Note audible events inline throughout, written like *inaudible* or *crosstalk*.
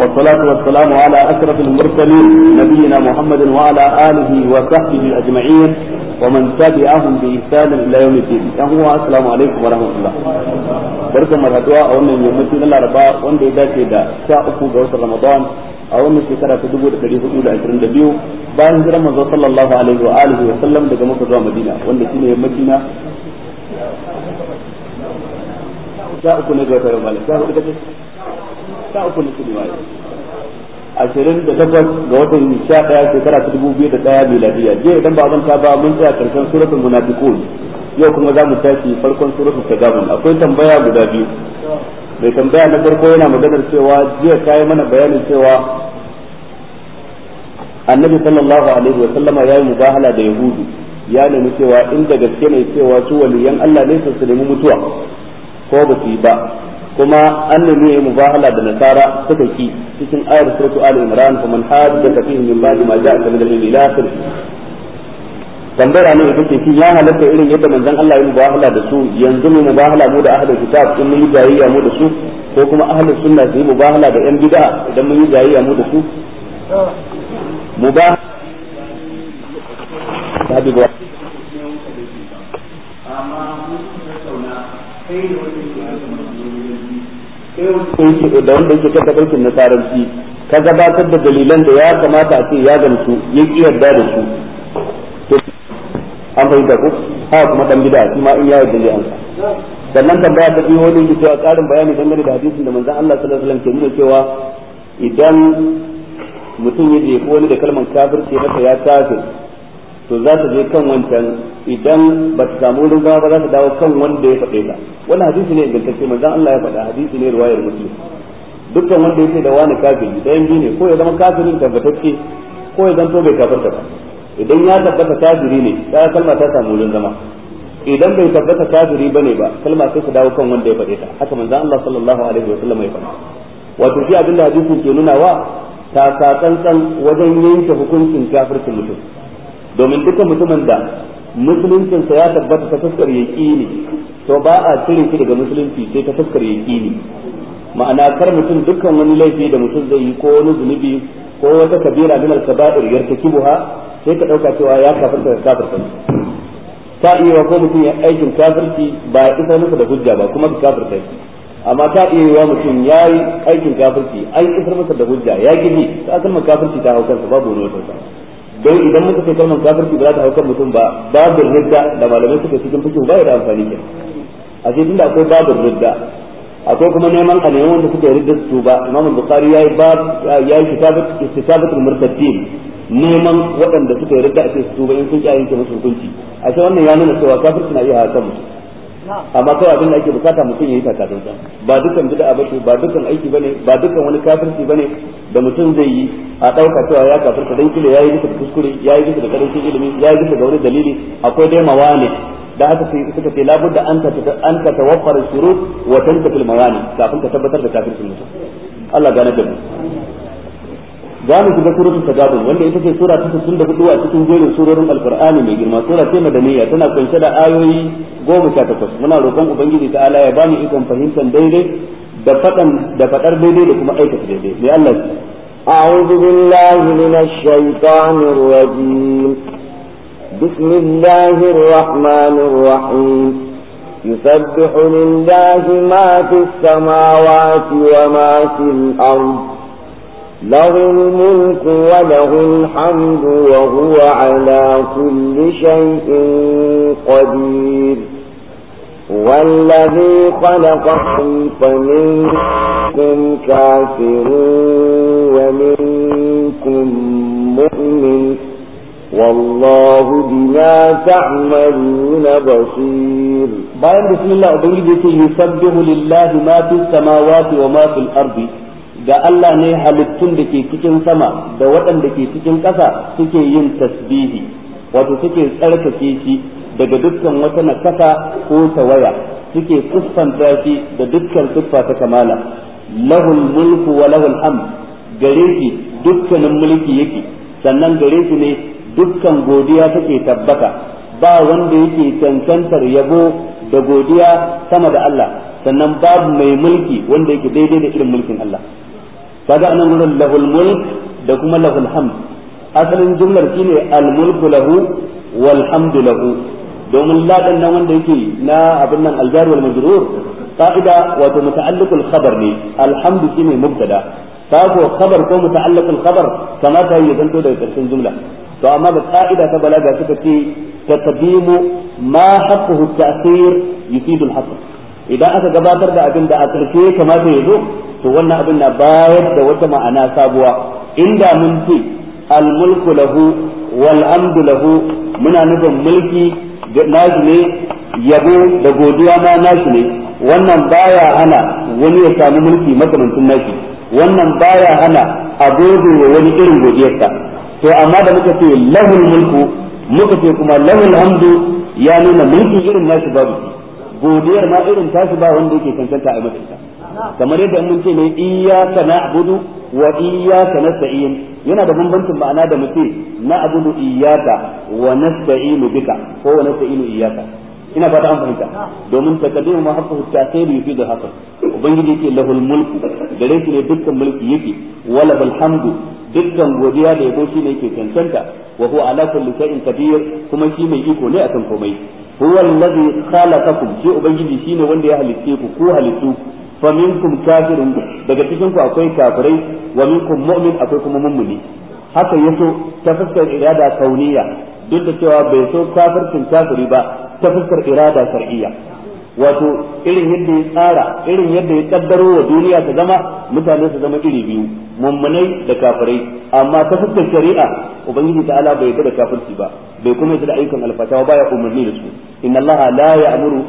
والصلاة والسلام على أشرف المرسلين نبينا محمد وعلى آله وصحبه أجمعين ومن تبعهم بإحسان إلى يوم الدين هو السلام عليكم ورحمة الله barkan mu haduwa a wannan yammaci na Laraba wanda ya dace da sha uku ga watan Ramadan a wannan shekara dubu da ɗari hudu ashirin da biyu bayan hijirar manzo sallallahu alaihi wa alihi wa sallam daga Makka Madina wanda ne sha uku na ashirin da takwas ga watan sha ɗaya shekara ta dubu biyu da ɗaya miladiya je idan ba zan ta ba mun tsaya karshen suratul munafiqun yau kuma za mu tashi farkon suratul tagabun akwai tambaya guda biyu mai tambaya na farko yana maganar cewa jiya ta yi mana bayanin cewa annabi sallallahu alaihi wa sallama ya yi mubahala da yahudu ya nemi cewa inda gaske ne cewa su waliyan Allah ne su nemi mutuwa ko ba su yi ba kuma an nemi mubahala da nasara suka ki cikin ayar suratu al imran faman da fihi min ba'di ma ja'aka min al-ilmi ila tambara ne ita ce ya halatta irin yadda manzon Allah ya mubahala da su yanzu mu mubahala mu da ahlul kitab in mun yi jayayya mu da su ko kuma ahli sunna su yi mubahala da yan bid'a idan mun yi jayayya mu da su mubahala amma mun tattauna sai da da wanda yake kan na nasaranci ka gabatar da dalilan da ya kamata a ce ya gamsu ya ki yarda da su an fahimta ko ha kuma dan bid'a shi ma in ya yarda an sannan tambaya ta biyo wani yake cewa karin bayani dangane da hadisin da manzon Allah sallallahu alaihi wasallam ke nuna cewa idan mutum ya je wani da kalmar kafirce masa ya kafir to za ta je kan wancan idan ba ta samu wurin zama ba za ta dawo kan wanda ya faɗe ta wannan hadisi ne ingantacce manzon Allah ya faɗa hadisi ne ruwayar muslim dukkan wanda yake da wani kafiri ɗayan biyu ne ko ya zama kafirin tabbatacce ko ya zanto bai kafarta ba idan ya tabbata kafiri ne ta kalma ta samu wurin zama idan bai tabbata kafiri bane ba kalma sai ta dawo kan wanda ya faɗe ta haka manzon Allah sallallahu alaihi wa sallam ya faɗa wato shi abinda hadisin ke nuna wa ta tsantsan wajen yanke hukuncin kafircin mutum domin dukkan mutumin da musuluncin sa ya tabbata ta fuskar yaqini to ba a cire shi daga musulunci sai ta fuskar yaqini ma'ana kar mutum dukkan wani laifi da mutum zai yi ko wani zunubi ko wata kabira min al-kaba'ir yartakibuha sai ka dauka cewa ya kafirta da kafirta ta iya ko mutum ya aikin kafirci ba ya isa masa da hujja ba kuma ka kafirta amma ta iya wa mutum ya yi aikin kafirci an isar masa da hujja ya gidi ta asalin kafirci ta hau kansa babu wani wata don idan muka ce kalmar kafirci ba za ta hau kan mutum ba babu ridda da malamai suka cikin fiki ba da amfani ke a ce tunda akwai babu ridda akwai kuma neman a neman wanda suka ridda su ba imamu bukhari ya yi yayi kitabat istitabatul murtaddin neman waɗanda suka ridda a ce su ba in sun ki ayyuka musu hukunci a ce wannan ya nuna cewa kafirci na iya hakan mutum amma kawai abin da ake bukata mutum ya yi takatun ba dukan bid'a bace ba dukan aiki bane ba dukan wani kafirci bane da mutum zai yi a ɗauka cewa ya kafirta dan kila yi bisa da kuskure yi bisa da karancin ilimi yi bisa ga wani dalili akwai dai mawani da haka sai suka ce labudda an ta an ta tawaffara shurut wa tantafil al mawani kafin ka tabbatar da kafircin mutum Allah gane da mu za mu shiga suratul tajabun wanda ita ce sura ta 64 a cikin jerin surorin alqur'ani mai girma sura ce madaniya tana kunshe da ayoyi 18 muna roƙon ubangiji ta ala ya ba ni ikon fahimtar daidai da fadan da fadar daidai da kuma aikata daidai mai Allah أعوذ بالله من الشيطان الرجيم بسم الله الرحمن الرحيم يسبح لله ما في السماوات وما في الأرض له الملك وله الحمد وهو على كل شيء قدير والذي خلقكم فمنكم كافر ومنكم مؤمن والله بما تعملون بصير بعد بسم الله أبنجد يسبح لله ما في السماوات وما في الأرض ga Allah ne halittun da ke cikin sama da waɗanda ke cikin ƙasa suke yin tasbihi wato suke tsarkake shi daga dukkan wata nakasa ko tawaya suke siffanta shi da dukkan siffa ta kamala lahul mulku wa lahul hamd gare shi dukkanin mulki yake sannan gare shi ne dukkan godiya take tabbata ba wanda yake cancantar yabo da godiya sama da Allah sannan babu mai mulki wanda yake daidai da irin mulkin Allah kaga anan gurin lahul mulk da kuma lahul hamd asalin jumlar shine al mulku lahu wal hamdu lahu domin la na nan wanda yake na abin nan al jar wal majrur qa'ida wato muta'alliqul khabar ne al hamdu shine mubtada kago khabar ko muta'alliqul khabar kama ta yi zanto daga karshen jumla to amma da qa'ida ta balaga suka ce taqdimu ma haqquhu ta'thir yufidu al idan aka gabatar da abin da a ƙarshe kamata ya zo to wannan abin na bayar da wata ma'ana sabuwa inda mun ce almulku lahu wal amdu lahu muna nufin mulki nashi ne yabo da godiya ma nashi ne wannan baya ana wani ya samu mulki makamancin nashi wannan baya ana a wa wani irin godiyarsa to amma da muka ce lahul mulku muka ce kuma lahul hamdu ya nuna mulki irin nashi babu godiyar ma irin tashi ba wanda yake cancanta a masa ita kamar yadda mun ce ne iyyaka na'budu wa iyyaka nasta'in yana da bambancin ma'ana da mutum na'budu iyyaka wa nasta'inu bika ko wa nasta'inu iyyaka ina fata an fahimta domin takaddimu ma haqqu at-ta'khir yufidu haqqan ubangiji yake lahul mulku gare shi ne dukkan mulki yake wala bal hamdu dukkan godiya da yabo shi ne yake cancanta wa huwa ala kulli shay'in qadir kuma shi mai iko ne akan komai huwa allazi khalaqakum shi ubangiji shine wanda ya halitte ku ko halittu fa minkum kafirun daga cikin ku akwai kafirai wa minkum mu'min akwai kuma mummuni haka ya ta fuskar irada kauniya duk da cewa bai so kafircin kafiri ba ta fuskar irada shar'iyya wato irin yadda ya tsara irin yadda ya kaddaro wa duniya ta zama mutane su zama iri biyu mummunai da kafirai amma ta fuskar shari'a ubangiji ta'ala bai yarda da kafirci ba bai kuma yarda da ayyukan ba baya umarni da su inna allaha la ya'muru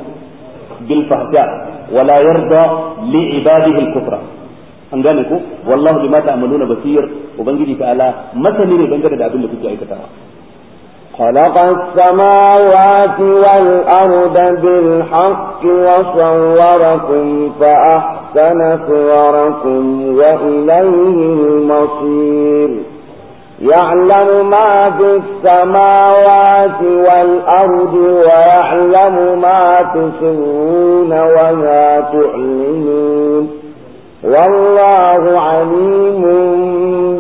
bil fahsha wa la yarda li ibadihi al kufra an gane ko wallahu bima ta'maluna basir ubangiji ta'ala masani ne dangane da abin da kuke aikatawa خلق السماوات والأرض بالحق وصوركم فأحسن أحسن صوركم وإليه المصير يعلم ما في السماوات والأرض ويعلم ما تسرون وما تعلنون والله عليم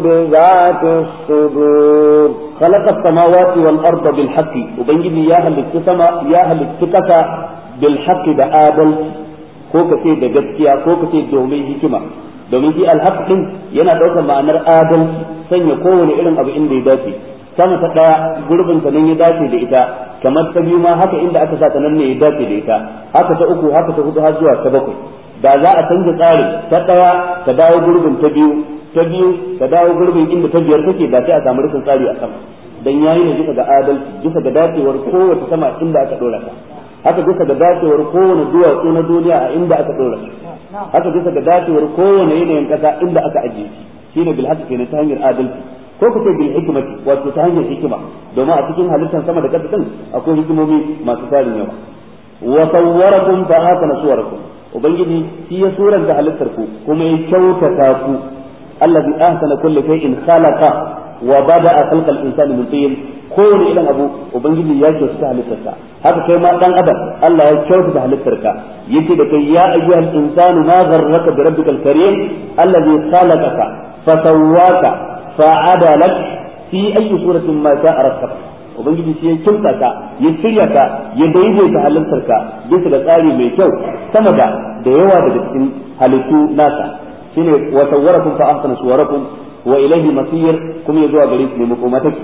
بذات الصدور خلق السماوات والأرض بالحق وبين يا أهل السماء يا بالحق بآدم ko ka ce da gaskiya ko ka ce domin hikima domin shi alhaq din yana ɗaukar ma'anar adalci sanya kowane irin abu inda ya dace sama ta ɗaya gurbin ta nan ya dace da ita kamar ta biyu ma haka inda aka sa ta nan ne ya dace da ita haka ta uku haka ta hudu har zuwa ta bakwai da za a canza tsarin ta ɗaya ta dawo gurbin ta biyu ta biyu ta dawo gurbin inda ta biyar take da sai a samu rashin tsari a sama dan yayi ne bisa ga adalci bisa ga dacewar kowace sama inda aka dora ta haka bisa ga dacewar kowane duwatsu na duniya a inda aka dora su haka bisa ga dacewar kowane yanayin kasa inda aka ajiye shi shine bil haqqi kenan ta hanyar adalci ko ku ce bil hikmati wato ta hanyar hikima domin a cikin halittar sama da kasa din akwai hikimomi masu tarin yawa wa sawwarakum fa hakana suwarakum ubangiji shi ya suran da halittar ku kuma ya kyautata ku allazi ahsana kulli shay'in khalaqa wa bada'a khalqal insani min tin kowane irin abu ubangiji ya kyautata halittarka haka kai ma dan adam Allah ya kyautata halittarka yace da kai ya ayyuhal insanu ma gharraka bi rabbikal karim allazi khalaqaka fa sawwaka fa adalak fi ayyi suratin ma sha'a rakkaka ubangiji shi ya kyautata ya shirya ka ya daidaita halittarka bisa ga tsari mai kyau sama da da yawa daga cikin halittu nasa shine wa sawwarakum fa ahsana suwarakum wa ilayhi masir kuma yazo gare ku ne makomataki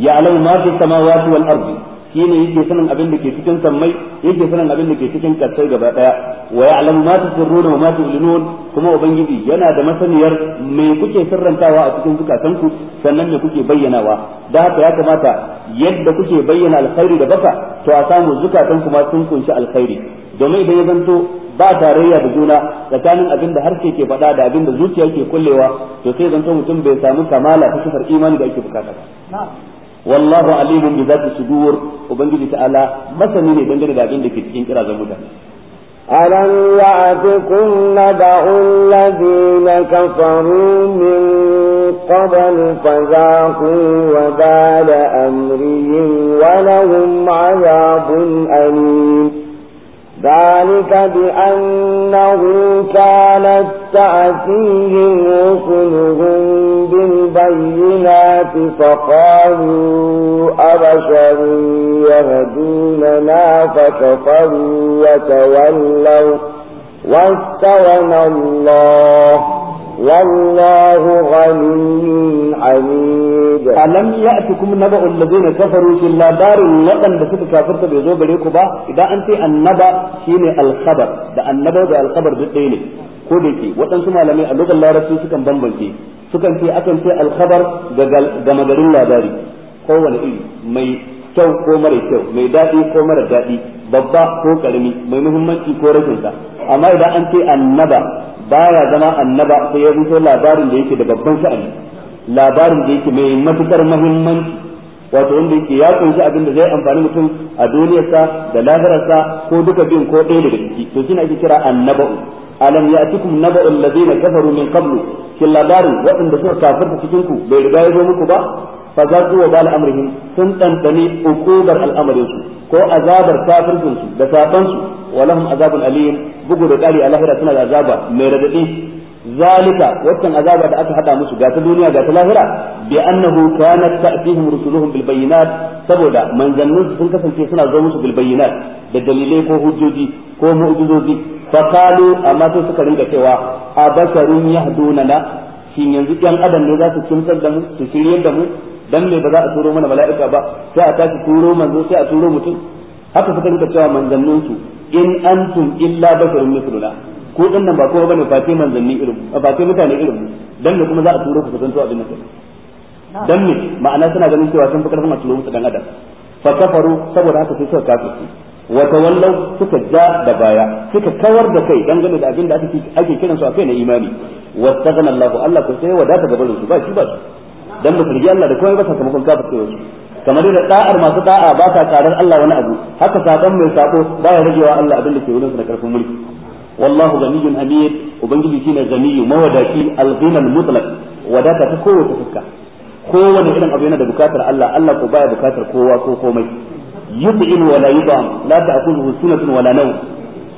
ya'lamu ma fi samawati wal ardi shine yake sanin abin da ke cikin sammai yake sanin abin da ke cikin kasai gaba daya wa ya'lamu ma tusirruna wa ma tu'linun kuma ubangiji yana da masaniyar me kuke sirrantawa a cikin zukatanku sannan me kuke bayyanawa da haka ya kamata yadda kuke bayyana alkhairi da baka to a samu zukatanku ma sun kunshi alkhairi domin idan ya zanto ba tarayya da juna tsakanin abin da harshe ke faɗa da abin da zuciya ke kullewa to sai zanto mutum bai samu kamala ta sifar imani da ake bukata ba wallahu alimun bi zati sudur ubangiji ta'ala masani ne dangane da abin da ke cikin kirazan mutane alam ya'tikum nad'u alladhina kafaru min qabl fazaqu wa bala amrihim wa lahum 'adabun alim ذلك بأنه كانت تأتيهم رسلهم بالبينات فقالوا أبشر يهدوننا فكفروا وتولوا واستغنى الله والله غني حميد ألم يأتكم نبأ الذين كفروا في اللابار لقن بسيط كافرت بيزو بريكو با إذا أنت النبأ شيني الخبر ده النبأ ده الخبر بالدين ko da ke waɗansu malamai a lokacin larabci sukan bambance sukan ce akan ce alkhabar ga magarin labari kowane iri mai kyau ko mara kyau mai daɗi ko mara daɗi babba ko ƙarami mai muhimmanci ko rashin sa amma idan an ce annaba baya zama annaba sai ya rubuto labarin da yake da babban sha'ani labarin da yake mai matukar muhimmanci wato wanda yake ya kunshi abin da zai amfani mutum a duniyarsa da lahirarsa ko duka biyun ko ɗaya daga ciki to shine ake kira annaba'u alam ya'tikum naba'ul ladina kafaru min kablu kin labarin waɗanda suka kafirta cikin ku bai riga ya zo muku ba fa za su wa bal al'amarin sun ɗanɗane ukubar al'amarin su ko azabar kafircin su da saban su walahum azabun alim bugu da kali a lahira suna da azaba mai radadi zalika wannan azaba da aka hada musu ga ta duniya ga ta lahira bi annahu kanat ta'tihim rusuluhum bil bayyinat saboda manzannin sun kasance suna zo musu bil bayyinat da dalilai ko hujjoji ko mu'jizoji fa qalu amma sai suka rinka cewa abasharun yahdunana shin yanzu yan adam ne za su kimsar da mu su shirye da mu dan me ba za a turo mana mala'ika ba sai a tashi turo manzo sai a turo mutum haka suka rinka cewa manzannin su in antum illa basharun mithluna ko din nan ba kowa bane fate manzanni irin mu fate mutane irin mu dan me kuma za a turo ku kasanto abin nan dan me ma'ana suna ganin cewa sun fi karfin a turo musu dan adam fa kafaru saboda haka sai suka kafirci wa tawallaw suka ja da baya suka kawar da kai dangane da abin da ake kiransu a kai na imani Wa wastaghna Allahu Allah ko sai wadata gaban su ba shi ba su dan ba su Allah da komai ba sakamakon kafircewa su kamar da da'ar masu da'a ba ta karar Allah wani abu haka saban mai sako ba ya ragewa Allah abin da ke wurin sa da karfin mulki wallahu ganiyyun hamid ubangiji shine ganiyyu mawadaki al-ghinal mutlaq wadata ta kowace fuska kowane irin abu yana da bukatar Allah Allah ko baya bukatar kowa ko komai yud'in wala yud'am la ta'khudhuhu sunatun wala nawm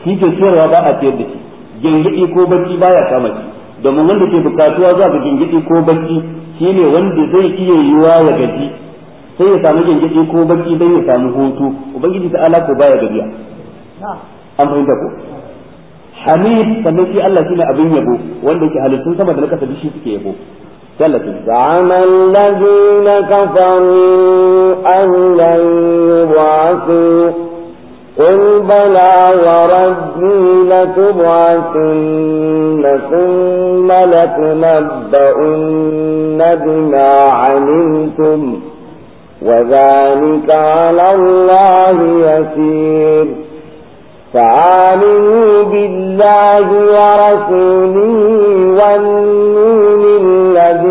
shi ke cewa ba a ciyar da shi gingidi ko bacci baya kama shi domin wanda ke bukatuwa za ga gingidi ko bacci shine wanda zai iya yiwa ya gaji sai ya samu gingidi ko baki dan ya samu hutu ubangiji ta ala ko baya gajiya an fahimta ko hamid sannan shi Allah shine abin yabo wanda yake halittun sama da na kasa shi suke yabo زعم الذين كفروا أن لن يبعثوا قل بلى وربي لتبعثن ثم لتنبؤن بما علمتم وذلك على الله يسير فآمنوا بالله ورسوله والنور الذي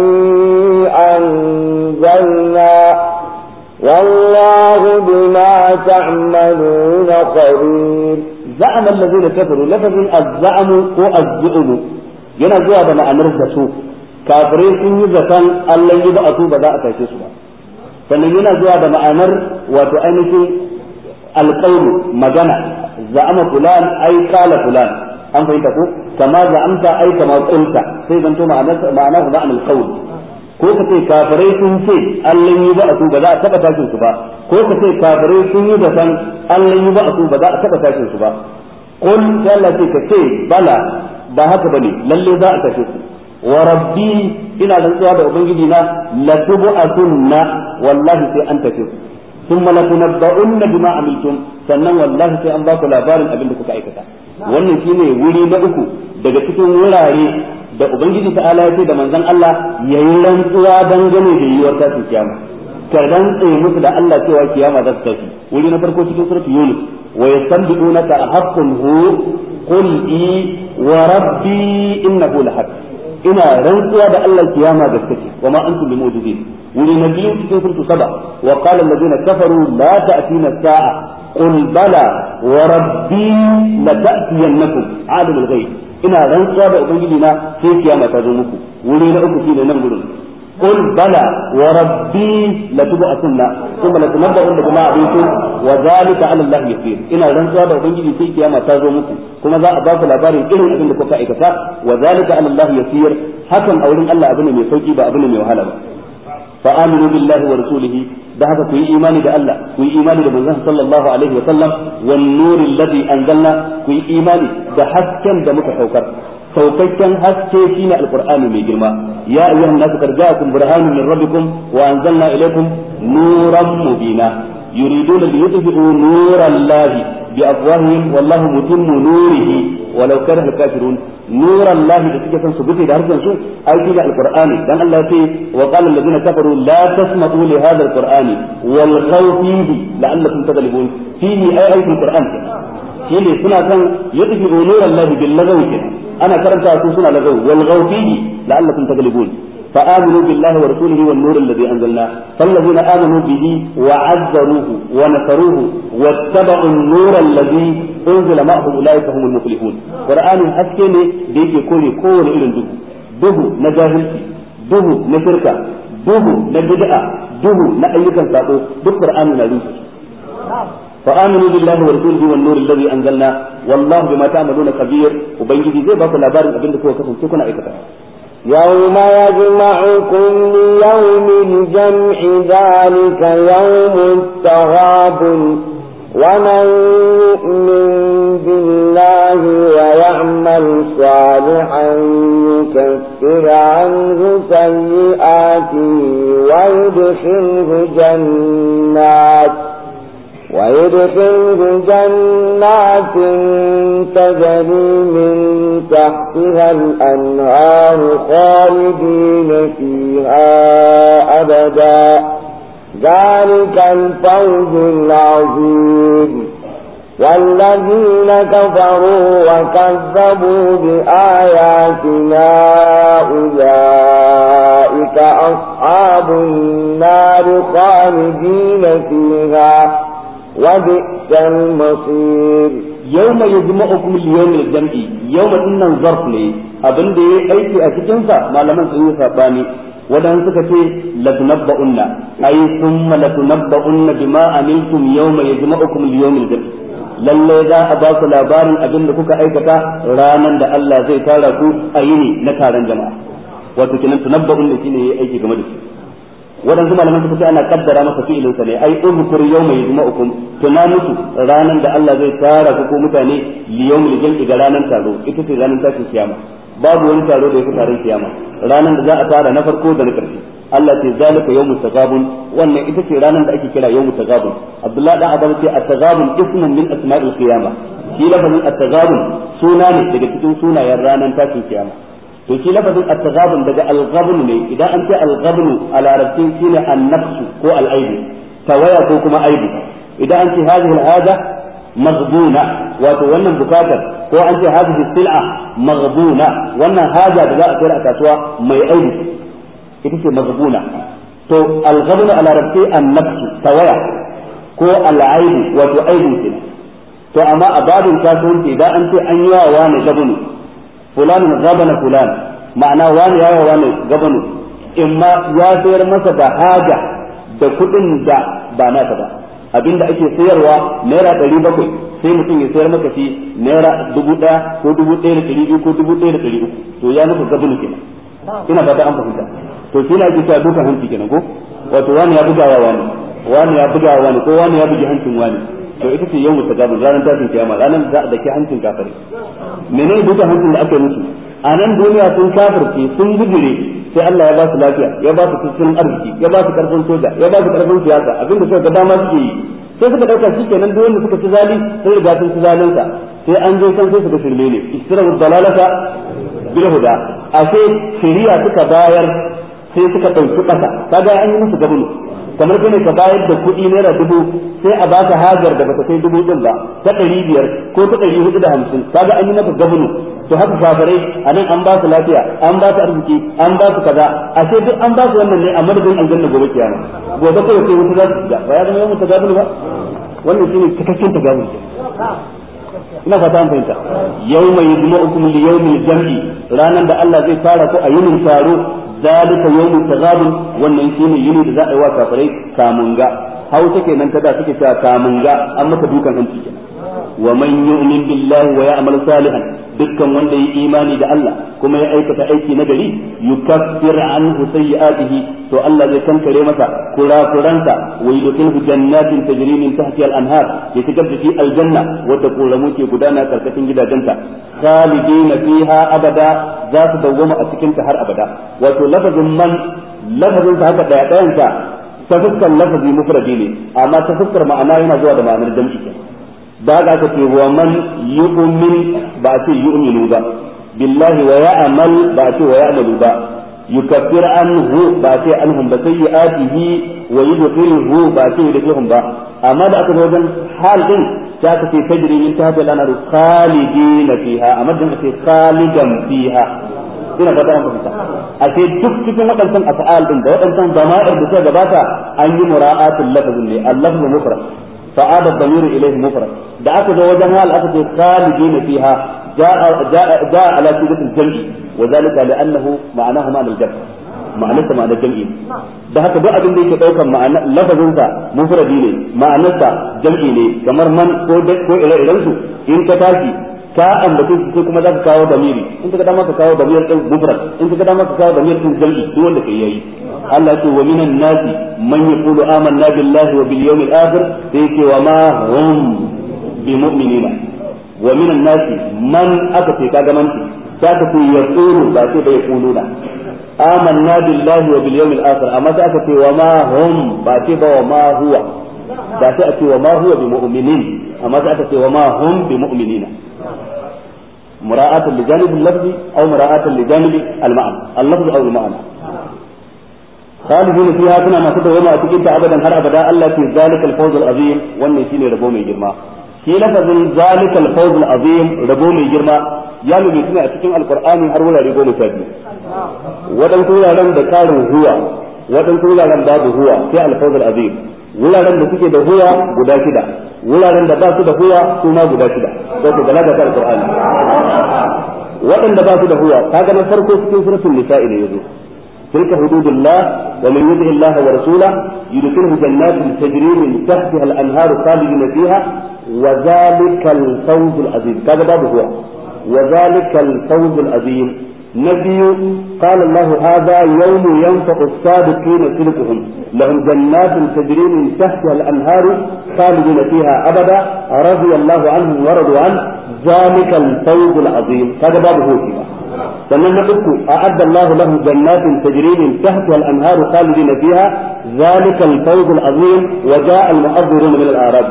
تعملون خبير زعم الذين كفروا لفظ الزعم هو الزعم yana zuwa da ma'anar zato kafirai sun yi zaton Allah yi ba a ba za a tashe su ba sannan yana zuwa da ma'anar wato ainihin alƙawlu magana za'ama fulan ai kala fulan an fahimta ko ai kama sai ma'anar ko ka ce kafirai sun ce Allah yi ba su ba za a taba tashin su ba ko ka ce kafirai sun yi da san Allah yi ba su ba za a taba tashin su ba kun ya Allah ce ka ce bala ba haka bane lalle za a tashe su wa rabbi ina rantsuwa da ubangiji na la tub'atunna wallahi sai an tashe su thumma la tunabba'unna bima amiltum sannan wallahi sai an ba ku labarin abin da kuka aikata wannan shine wuri na uku daga cikin wurare da ubangiji ta ala ya ce da manzon Allah ya yi rantsuwa dangane da yiwuwar tashin kiyama ka rantse musu da Allah cewa kiyama za ta tafi wuri na farko cikin suratul yunus wa yastanbi'unaka haqqun hu qul i wa rabbi innahu lahaq ina rantsuwa da Allah kiyama gaskace wa ma antum bimujizin wuri na biyu cikin suratul saba wa qala allazina kafaru la ta'tina as-sa'a qul bala wa rabbi la ta'tiyannakum adul ghaib ina rantsuwa da ubangiji na sai kiyama ta zo muku wuri na uku shine nan gurin قل بلى وربي لتبعثن ثم لتنبؤن بما عملتم وذلك على الله يسير ina rantsuwa da ubangiji sai kiyama ta zo muku kuma za a ba ku labarin irin abin da kuka aikata wa zalika ala Allah hakan a wurin Allah abu ne mai sauki ba abu ne mai wahala ba fa aminu billahi wa rasulihi da haka ku yi imani da Allah ku yi imani da manzon sallallahu alaihi wa sallam wan nuril ladhi anzalna ku yi imani da hasken da muka saukar saukakken haske shine alqur'ani mai girma ya ayyuhan nasu qad ja'akum burhanun min rabbikum wa anzalna ilaykum nuran mubina yuriduna li yutfi'u nurallahi bi afwahihim wallahu mutimmu da suke son su bude da su ai shi da alqur'ani dan Allah ya wa qala alladhina kafaru la tasma'u li hadha alqur'ani wal khawfihi la'allakum fihi ay suna son bil lagawi ana karanta su suna lagawi wal khawfihi la'allakum فآمنوا بالله ورسوله والنور الذي أنزلنا فالذين آمنوا به وعزروه ونصروه واتبعوا النور الذي أنزل معه أولئك هم المفلحون قرآن حسكين ديكي كوني كون إلى دهو دهو نجاهلتي دهو نشركة دهو نبدأ دهو نأيكا ساقو دهو قرآن نالوه فآمنوا بالله ورسوله والنور الذي أنزلنا والله بما تعملون خبير وبنجي زي باكو لابارن أبنك وكفن سكنا إكتاب يوم يجمعكم ليوم الجمع ذلك يوم التغاب ومن يؤمن بالله ويعمل صالحا يكفر عنه سيئاته ويدخله جنات ويدخله جنات تجري من تحتها الأنهار خالدين فيها أبدا ذلك الفوز العظيم والذين كفروا وكذبوا بآياتنا أولئك أصحاب النار خالدين فيها وبئس المصير يوم يجمعكم ليوم الجمع يوم إن الظرف لي abin da ya yi aiki a cikin cikinsa malaman sun yi saɓani wadan suka ce la latunabba'unna ay thumma latunabba'unna bima amiltum yawma yajma'ukum liyawmil jam'i lalle za a ba ku labarin abinda da kuka aikata ranan da Allah zai tara ku a yini na taron jama'a wato kinan tunabba'unna shine yayi aiki game da shi waɗansu malaman suka ce ana kaddara masa fi'ilin sa ne ai uzkur yawma yajma'ukum tuna mutu ranan da Allah zai tara ku ko mutane li yawmil jam'i ga ranan taro ita ce ranan tashin kiyama babu wani taro da yake taron kiyama ranan da za a tara na farko da na ƙarshe Allah ce zalika yawmut tagabun wannan ita ce ranan da ake kira yawmut tagabun Abdullahi da Adam ce at-tagabun ismun min asma'il qiyama shi lafazin at-tagabun suna ne daga cikin sunayen ranan tashin kiyama to shi lafazin at-taghabun daga al-ghabn ne idan an ce al-ghabn a larabcin shine an-nafs ko al-aibu tawaya ko kuma aibu idan an ce hadhihi al-haja wato wannan بكاتا ko an ce hadhihi sil'a maghbuna wannan haja da za a sayar a kasuwa mai aibi ita ce maghbuna to al-ghabn ala rabbi an-nafs tawaya ko al-aib wato aibin kenan to amma a babin kasuwanci idan an ce an yi wa wani gabunu fulan gabana fulan ma'ana wani yawa ne gabanu in ma ya sayar masa da haja da kuɗin da ba nasa ba abinda ake sayarwa naira ɗari bakwai sai mutum ya sayar maka shi naira dubu ɗaya ko dubu ɗaya da ɗari biyu ko dubu ɗaya da ɗari uku to ya nufa gabanu kenan ina fata an fahimta to shi na ake cewa dukan hanci kenan ko wato wani ya buga wa wani wani ya buga wa wani ko wani ya buga hancin wani to ita ce yau gaban ranar tashin kiyama ranar za a dake hancin kafiri menene duka hancin da aka yi musu a nan duniya sun kafirce sun gudure sai Allah ya ba su lafiya ya ba su cikin arziki ya ba su karfin soja ya ba su karfin siyasa abin da suka dama suke yi sai suka dauka kenan duk wanda suka ci zali sai riga sun ci zalinsa sai an je san sai suka shirme ne istirahu dalalata bil huda ashe shari'a suka bayar sai suka dauki kasa kaga an yi musu gabanu kamar kai ka bayar da kuɗi naira dubu sai a baka hajar da baka kai dubu din ba ta ɗari biyar ko ta ɗari hudu da hamsin kaga an yi maka gabanu to haka fafare a nan an ba su lafiya an ba su arziki an ba su kaza a sai duk an ba su wannan ne a madadin aljanna gobe kiyama gobe kawai sai wuta za su shiga ba ya zama yawan tagabulu ba wannan shine cikakken tagabulu ina fata an fahimta yau mai yajma'ukum li mai jam'i ranan da Allah zai fara ku a mun taro zalika yawmut tagabun wannan shine yini da za a yi wa kafirai kamunga hausa kenan kada suke cewa kamunga an mata dukan hanci kenan wa man yu'min billahi wa ya'mal salihan dukkan wanda ya imani da Allah kuma ya aikata aiki na gari yukaffir anhu sayyi'atihi to Allah zai kankare masa kurakuransa wa yudkhilhu jannatin tajri min tahtiha al-anhar ya shigar da aljanna wadda kuramu ke gudana karkashin gidajenta khalidina fiha abada za su dawwama a cikin ta har abada wato lafazin man lafazin sa haka daya dayan ta ta lafazi mufradi ne amma ta ma'ana yana zuwa da ma'anar jam'i ba haka aka ce wa man yu'min ba ce yu'minu ba billahi wa ya'mal ba ce wa ya'malu ba yukaffiru anhu ba ce anhum ba sayyi'atihi wa yudkhiluhu ba ce yudkhiluhum ba amma da aka wajen hal din ta ka ce tajri min tahta lana khalidina fiha amma da ce khalidan fiha ina fata an fahimta a ce duk cikin waɗansan af'al din da waɗansan zama'ir da suka gabata an yi mura'atul lafzin ne al-lafzu mufrad فعاد الضمير إليه مفرد da aka zo wajen hal aka ce khalidina fiha jaa jaa ala sifatil jam'i wa zalika li annahu ma'anahu ma'anal jam' ma'anarsa ma'anar jam'i da haka duk abin da yake daukan ma'ana lafazinsa mufradi ne ma'anarsa jam'i ne kamar man ko ire su in ka tashi ka ambace su sai kuma za ka kawo damiri in ka dama ka kawo damir din gubra in ka dama ka kawo damir din jam'i duk wanda kai yayi Allah ce wa minan nasi man yaqulu amanna billahi wa bil yawmil akhir sai ce wa ma hum bi mu'minina wa minan nasi man aka ce ka man ta ka ce tsoro ba sai da yaquluna amanna billahi wa bil yawmil akhir amma sai aka ce wa ma hum ba ce ba wa ma huwa da sai a ce wa ma huwa bi mu'minin amma sai aka ce wa ma hum bi mu'minina mura'atan li janibi al-lafzi aw mura'atan li janibi al-ma'na al-lafzi aw al-ma'na khalidun fiha kuna masu wani a cikin ta abadan har abada Allah ke zalika al-fawz al-azim wannan shine rabo mai girma shi lafazin zalika al-fawz al-azim rabo mai girma ya lubi suna a cikin alkur'ani har wurare goma sha biyu wadansu wuraren da karin huwa wadansu wuraren babu huwa sai al-fawz azim wuraren da suke da huya guda shida wuraren da ba su da huya su ma guda shida za ku balaga ta waɗanda ba su da huya kaga na farko cikin suratul nisa'i da yazo تلك حدود الله ومن يطع الله ورسوله يدخله جنات تجري من تحتها الانهار خالدين فيها وذلك الفوز العظيم هذا huwa هو وذلك الفوز العظيم na biyu qala allahu hadha yawmu yanfa'u as-sadiqina sidquhum lahum jannatun tajri min tahtiha al-anharu khalidun fiha abada radiya allahu anhum wa radu an dhalika al-fawz al-azim kada babu hukuma sannan na uku a'adda Allah lahu jannatin tajri min tahtiha al-anhar khalidin fiha zalika al-fawz al-azim wa ja'a al-mu'adhdhirun min al-a'rab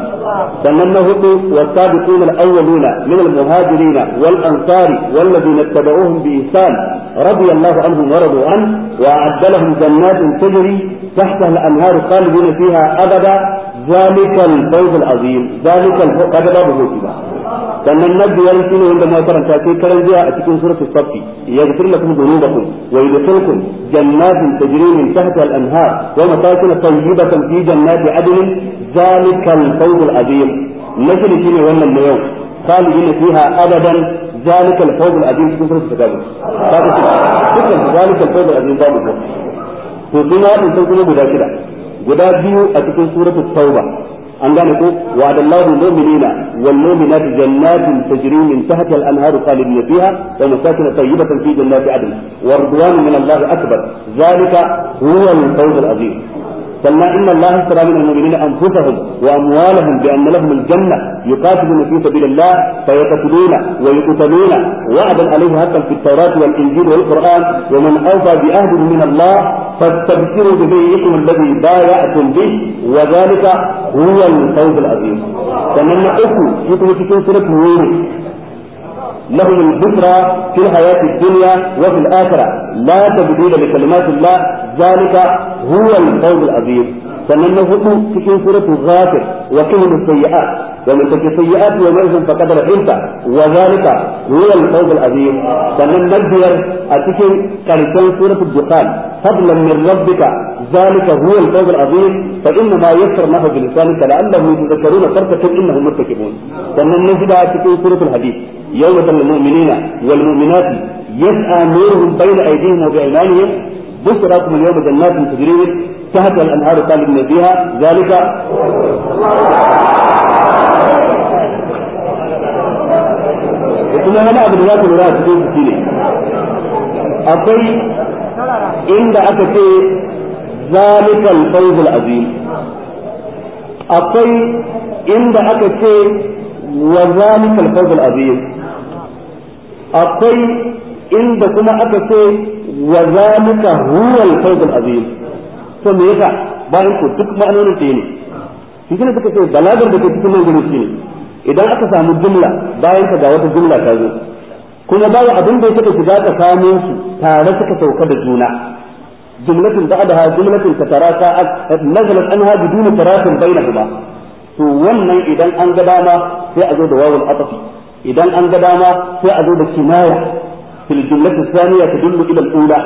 sannan na hudu was-sabiqun al-awwalun min al-muhajirin wal-ansari والذين اتبعوهم بإحسان رضي الله عنهم ورضوا عنه وأعد لهم جنات تجري تحتها الأنهار خالدين فيها أبدا ذلك الفوز العظيم ذلك الفوز هذا باب sannan na biyar ne wanda ma karanta sai karan jiya a cikin suratul safi yaghfir lakum dhunubakum wa yudkhilkum jannatin tajri min tahtiha al-anhar wa masakin tayyibatan fi jannati adnin zalika al-fawz al-azim shi ne wannan na yau khalidina fiha abadan zalika al-fawz al-azim cikin suratul tagabun dukkan zalika al-fawz al-azim babu to kuma sun kuma guda shida guda biyu a cikin suratul tauba an gane ko wa adallahu mu'minina wal mu'minati jannatin tajri min tahtiha al anharu khalidina fiha wa masakin tayyibatan fi jannati adn wa ridwanun min Allah akbar zalika huwa al fawz al azim سمى إن الله اشترى من المؤمنين أنفسهم وأموالهم بأن لهم الجنة يقاتلون في سبيل الله فيقتلون ويقتلون وعدا عليه حقا في التوراة والإنجيل والقرآن ومن أوفى بأهل من الله فاستبشروا ببيعكم الذي بايعتم به وذلك هو الفوز العظيم. سمى أخو يقول في كل سنة لهم البشرى في الحياة الدنيا وفي الآخرة لا تبدون لكلمات الله ذلك هو الفوز العظيم فمن هدو تكون سورة الغافر وكلم السيئات ومن تكي سيئات ومنهم فقدر حلتا وذلك هو الفوز العظيم فمن نجير أتكين كالسان سورة الدخان فضلا من ربك ذلك هو الفوز العظيم فإنما يسر يسرناه بلسانك لعلهم يتذكرون صرفة إنهم مرتكبون فمن نجد أتكين سورة الحديث يوم المؤمنين والمؤمنات يسعى نورهم بين ايديهم وبايمانهم بشراكم اليوم جنات تجري تحت الانهار خالدين فيها ذلك الله اكبر. يقول لنا ابن الله تعالى أقي إن دعكت ذلك الفوز العظيم أقي إن دعكت وذلك الفوز العظيم akwai inda kuma aka ce wa zalika huwa al-fawz al-azim to me yasa bayan ku duk ma'anonin ta ne shi kina suka ce balagar da ke cikin nan gurin ne idan aka samu jumla bayan ka ga wata jumla ta zo kuma bayan abin da ya saka ka samu su tare suka sauka da juna جملة بعدها جملة تتراكى nazalat anha bidun tarasin bainahuma to wannan idan an ga dama sai a zo da wawul atafi idan an ga dama sai a zo da kinaya fil jumlatu thaniya tadullu ila al-ula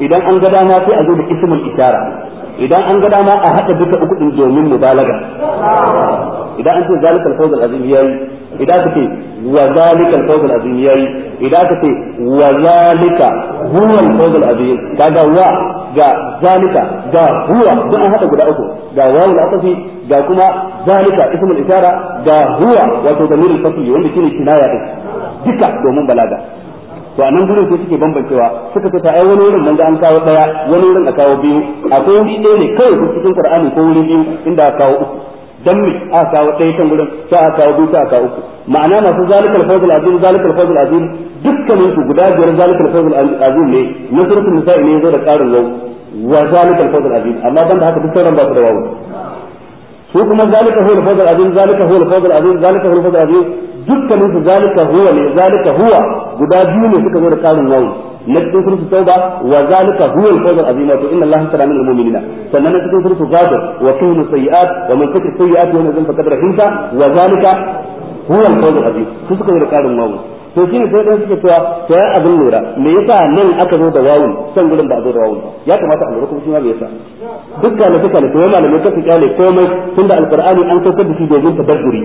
idan an ga dama sai a zo da ismul isara. idan an ga dama a haɗa duka uku ɗin domin mubalaga idan an ce zalika al-fawz al yayi idan ka ce wa zalika al-fawz al yayi idan ka ce wa zalika huwa al-fawz al-azim kaga wa ga zalika ga huwa duk an haɗa guda uku ga wawul atafi ga kuma zalika ismul isara ga huwa wato da damirul fasli wanda shine kinaya din duka domin balaga to a nan gurin ko suke bambancewa suka ce ta ai wani wurin da an kawo daya wani wurin a kawo biyu akwai wuri ɗaya ne kawai ko cikin qur'ani ko wuri biyu inda aka kawo uku dan me aka kawo ɗaya kan gurin sai aka kawo biyu sai aka kawo uku ma'ana masu zalikal fawzul azim zalikal fawzul azim dukkanin su guda biyar zalikal fawzul azim ne na suratul nisa ne zo da karin wau wa zalikal fawzul azim amma da haka duk sauran ba su da wawu su kuma zalika al fawzul azim zalika al fawzul azim zalika al fawzul azim dukkanin su zalika huwa ne zalika huwa guda biyu ne suka zo da karin wawu na cikin surutu tauba wa zalika huwa al-fawzul azim to inna allaha tara min al-mu'minina sannan na cikin surutu ghadab wa kaynu sayiat wa man kasara sayiat wa man zalika faqad rahimta wa zalika huwa al-fawzul azim su suka zo da karin wawu to shine sai dan suke cewa to ya abin lura me yasa nan aka zo da wawu san gurin ba a zo da wawu ya kamata a lura kuma shi ma me yasa dukkan na suka malamai kasu kyale komai tunda alqur'ani an saukar da shi domin tadabburi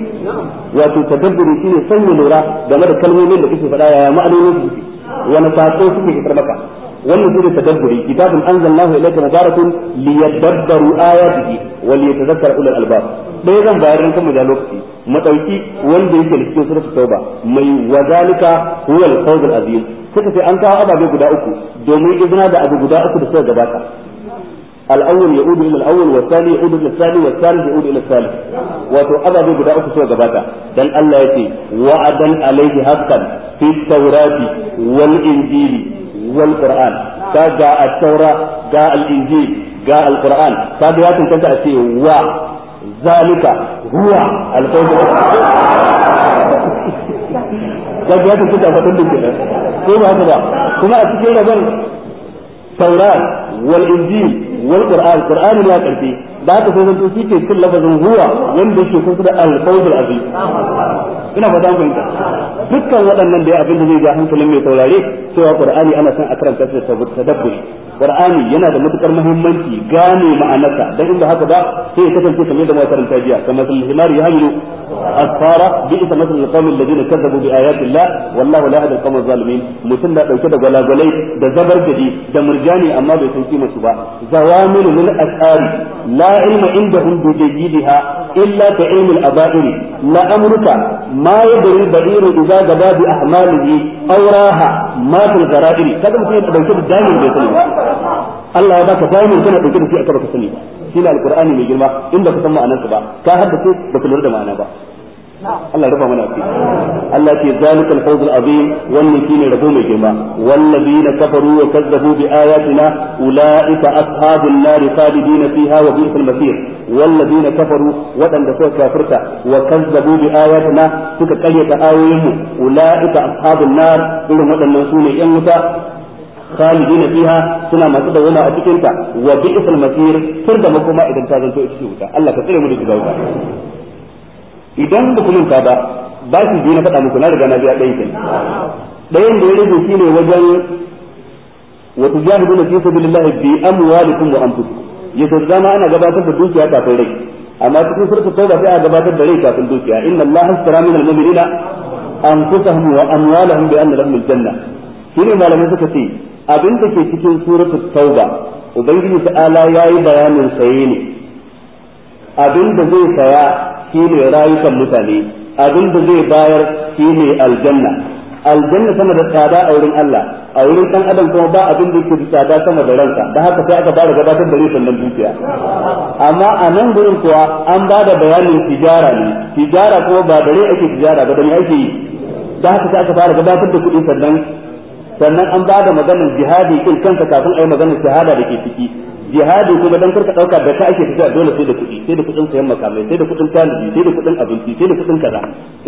wato tadabburi ne sanya lura game da kalmomin da kike faɗa ya ma'anoni su wani sako suke isar maka wannan sune tadabburi kitabun anzalnahu ilayka mubarakun liyadabbaru ayatihi wa liyatadhakkara ulul albab dai zan bayar da kuma da lokaci madauki wanda yake cikin suratul tauba mai wazalika huwal fawzul azim suka sai an kawo ababe guda uku domin izina da abu guda uku da suka gabata الأول يعود إلى الأول والثاني يعود إلى الثاني والثالث يعود إلى الثالث وتؤذى ببدا أكسو جباتا دل الله wa'adan وعدا عليه حقا في التوراة والإنجيل wal qur'an ta ga at-taura ga al-injil ga al-qur'an ka ga yakin kanta a wa zalika huwa al-qawlu ka ga kanta kuma a cikin taurat wal injil wal qur'an qur'ani ya karfi da aka sai zanto shi ke cin lafazin huwa wanda yake kusa da al-fawzul azim ina fata mun fahimta dukkan waɗannan da abin da zai ga hankalin mai saurare cewa qur'ani ana son a karanta shi da tadabburi qur'ani yana da matukar muhimmanci gane ma'anarsa dan inda haka ba sai ya kasance kamar da muka karanta jiya kamar al himar yahmilu asfara bi isa masal qawmin alladhina kadzabu bi ayati llah wallahu la yahdi mutum da dauke da gwalagwalai da zabargadi da murjani amma kimar su ba zawamilu lil asari la ilma indahum bi jayyidiha illa ka ilmi al abairi la amruka ma yadri al idza gaba bi ahmalihi aw raha ma fil gara'iri kada mutum ya dauke da damin bai sani Allah ya baka damin kana dauke da shi aka baka sani ba shine alqur'ani mai girma inda ka san ma'anar ba ka haddace ba ka lura da ma'ana ba Allah rufa mana asiri Allah ce zalikal fawzul azim wannan shine rabo mai girma wallazina kafaru wa kazzabu bi ayatina ulaika ashabun nar khalidin fiha wa bi'sal masir wallazina kafaru wadanda suka kafirta wa kazzabu bi ayatina suka karyata ayoyin mu ulaika ashabun nar irin wadannan sune yan wuta khalidin fiha suna masu da dawoma a cikin ta wa bi'sal masir tur da makoma idan ta zanto ita ce wuta Allah ka tsare mu da shiga idan ba ku manta ba ba su biyu na faɗa muku na riga na biya ɗaya kenan ɗayan da ya rage shi ne wajen wa tujahiduna fi sabilillahi bi an wa anfusikum yato dama ana gabatar da dukiya kafin rai amma cikin surta tauba sai a gabatar da rai kafin dukiya inna allaha astara min almu'minina anfusahum wa amwalahum bi anna lahum aljanna shine malamai suka ce abin da ke cikin suratul tauba ubangiji ta'ala yayi bayanin saye ne abin da zai saya shine rayukan mutane abin da zai bayar shine aljanna aljanna sama da tsada a wurin Allah a wurin dan adam kuma ba abin da yake da tsada sama da ranka da haka sai aka fara gabatar da rai nan dukiya amma a nan gurin kuwa an ba da bayanin tijara ne tijara kuma ba da rai ake tijara ba dan me ake yi da haka sai aka fara gabatar da kuɗi sannan sannan an ba da maganar jihadi kin kanka kafin a yi maganar shahada da ke ciki jihadi kuma dan karka dauka da ka ake tafiya dole sai da kuɗi sai da kuɗin sayan makamai sai da kuɗin talibi sai da kuɗin abinci sai da kuɗin kaza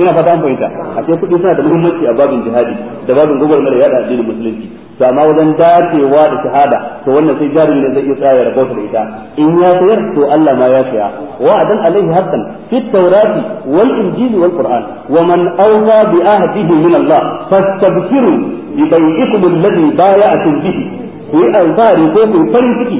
ina fata an fahimta a sai kuɗi suna da muhimmanci a babin jihadi da babin gwagwarmar yada addinin musulunci to amma wajen dacewa da shahada to wannan sai jarumi ne zai iya tsaya ya bauta da ita in ya sayar to Allah ma ya saya wa'adan alaihi haqqan fi tawrati wal injili wal qur'an wa man awfa bi ahdihi min Allah fastabshiru bi bai'ikum alladhi bay'atum bihi ku yi alfahari ko ku farin ciki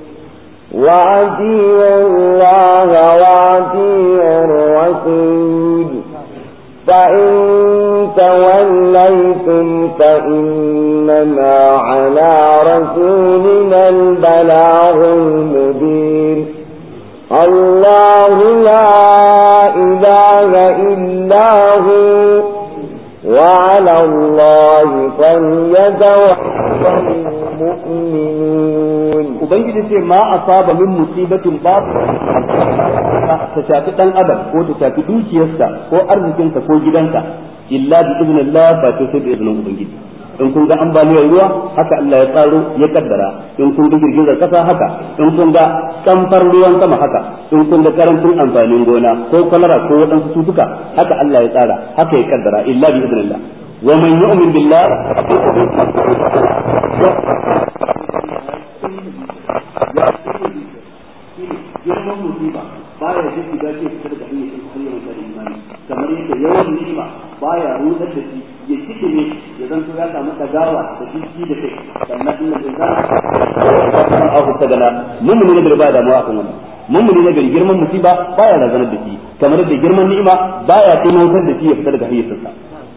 وعدي الله وعدي الرسول فإن توليتم فإنما على رسولنا البلاغ المبين الله لا إله إلا هو وعلى الله فليتوكل المؤمنون وبنجد ce ma asaba min musibatin ba ta shafi dan adam ko ta shafi dukiyarsa ko arzikinsa ko gidansa illa bi idnillah in kun ga ambaliyar ruwa haka Allah ya tsaro ya kaddara in kun ga girgizar kasa haka in kun ga kamfar ruwan sama haka in kun ga karancin amfanin gona ko kwalara ko waɗansu cutuka haka Allah ya tsara haka ya kaddara illa bi idnillah wa man yu'min بالله ya tsaye girman musiba baya jiki da ke da shi da kamar da da da da da da girman musiba baya razanar da ni'ima baya tunautar da shi ya fitar da hanyar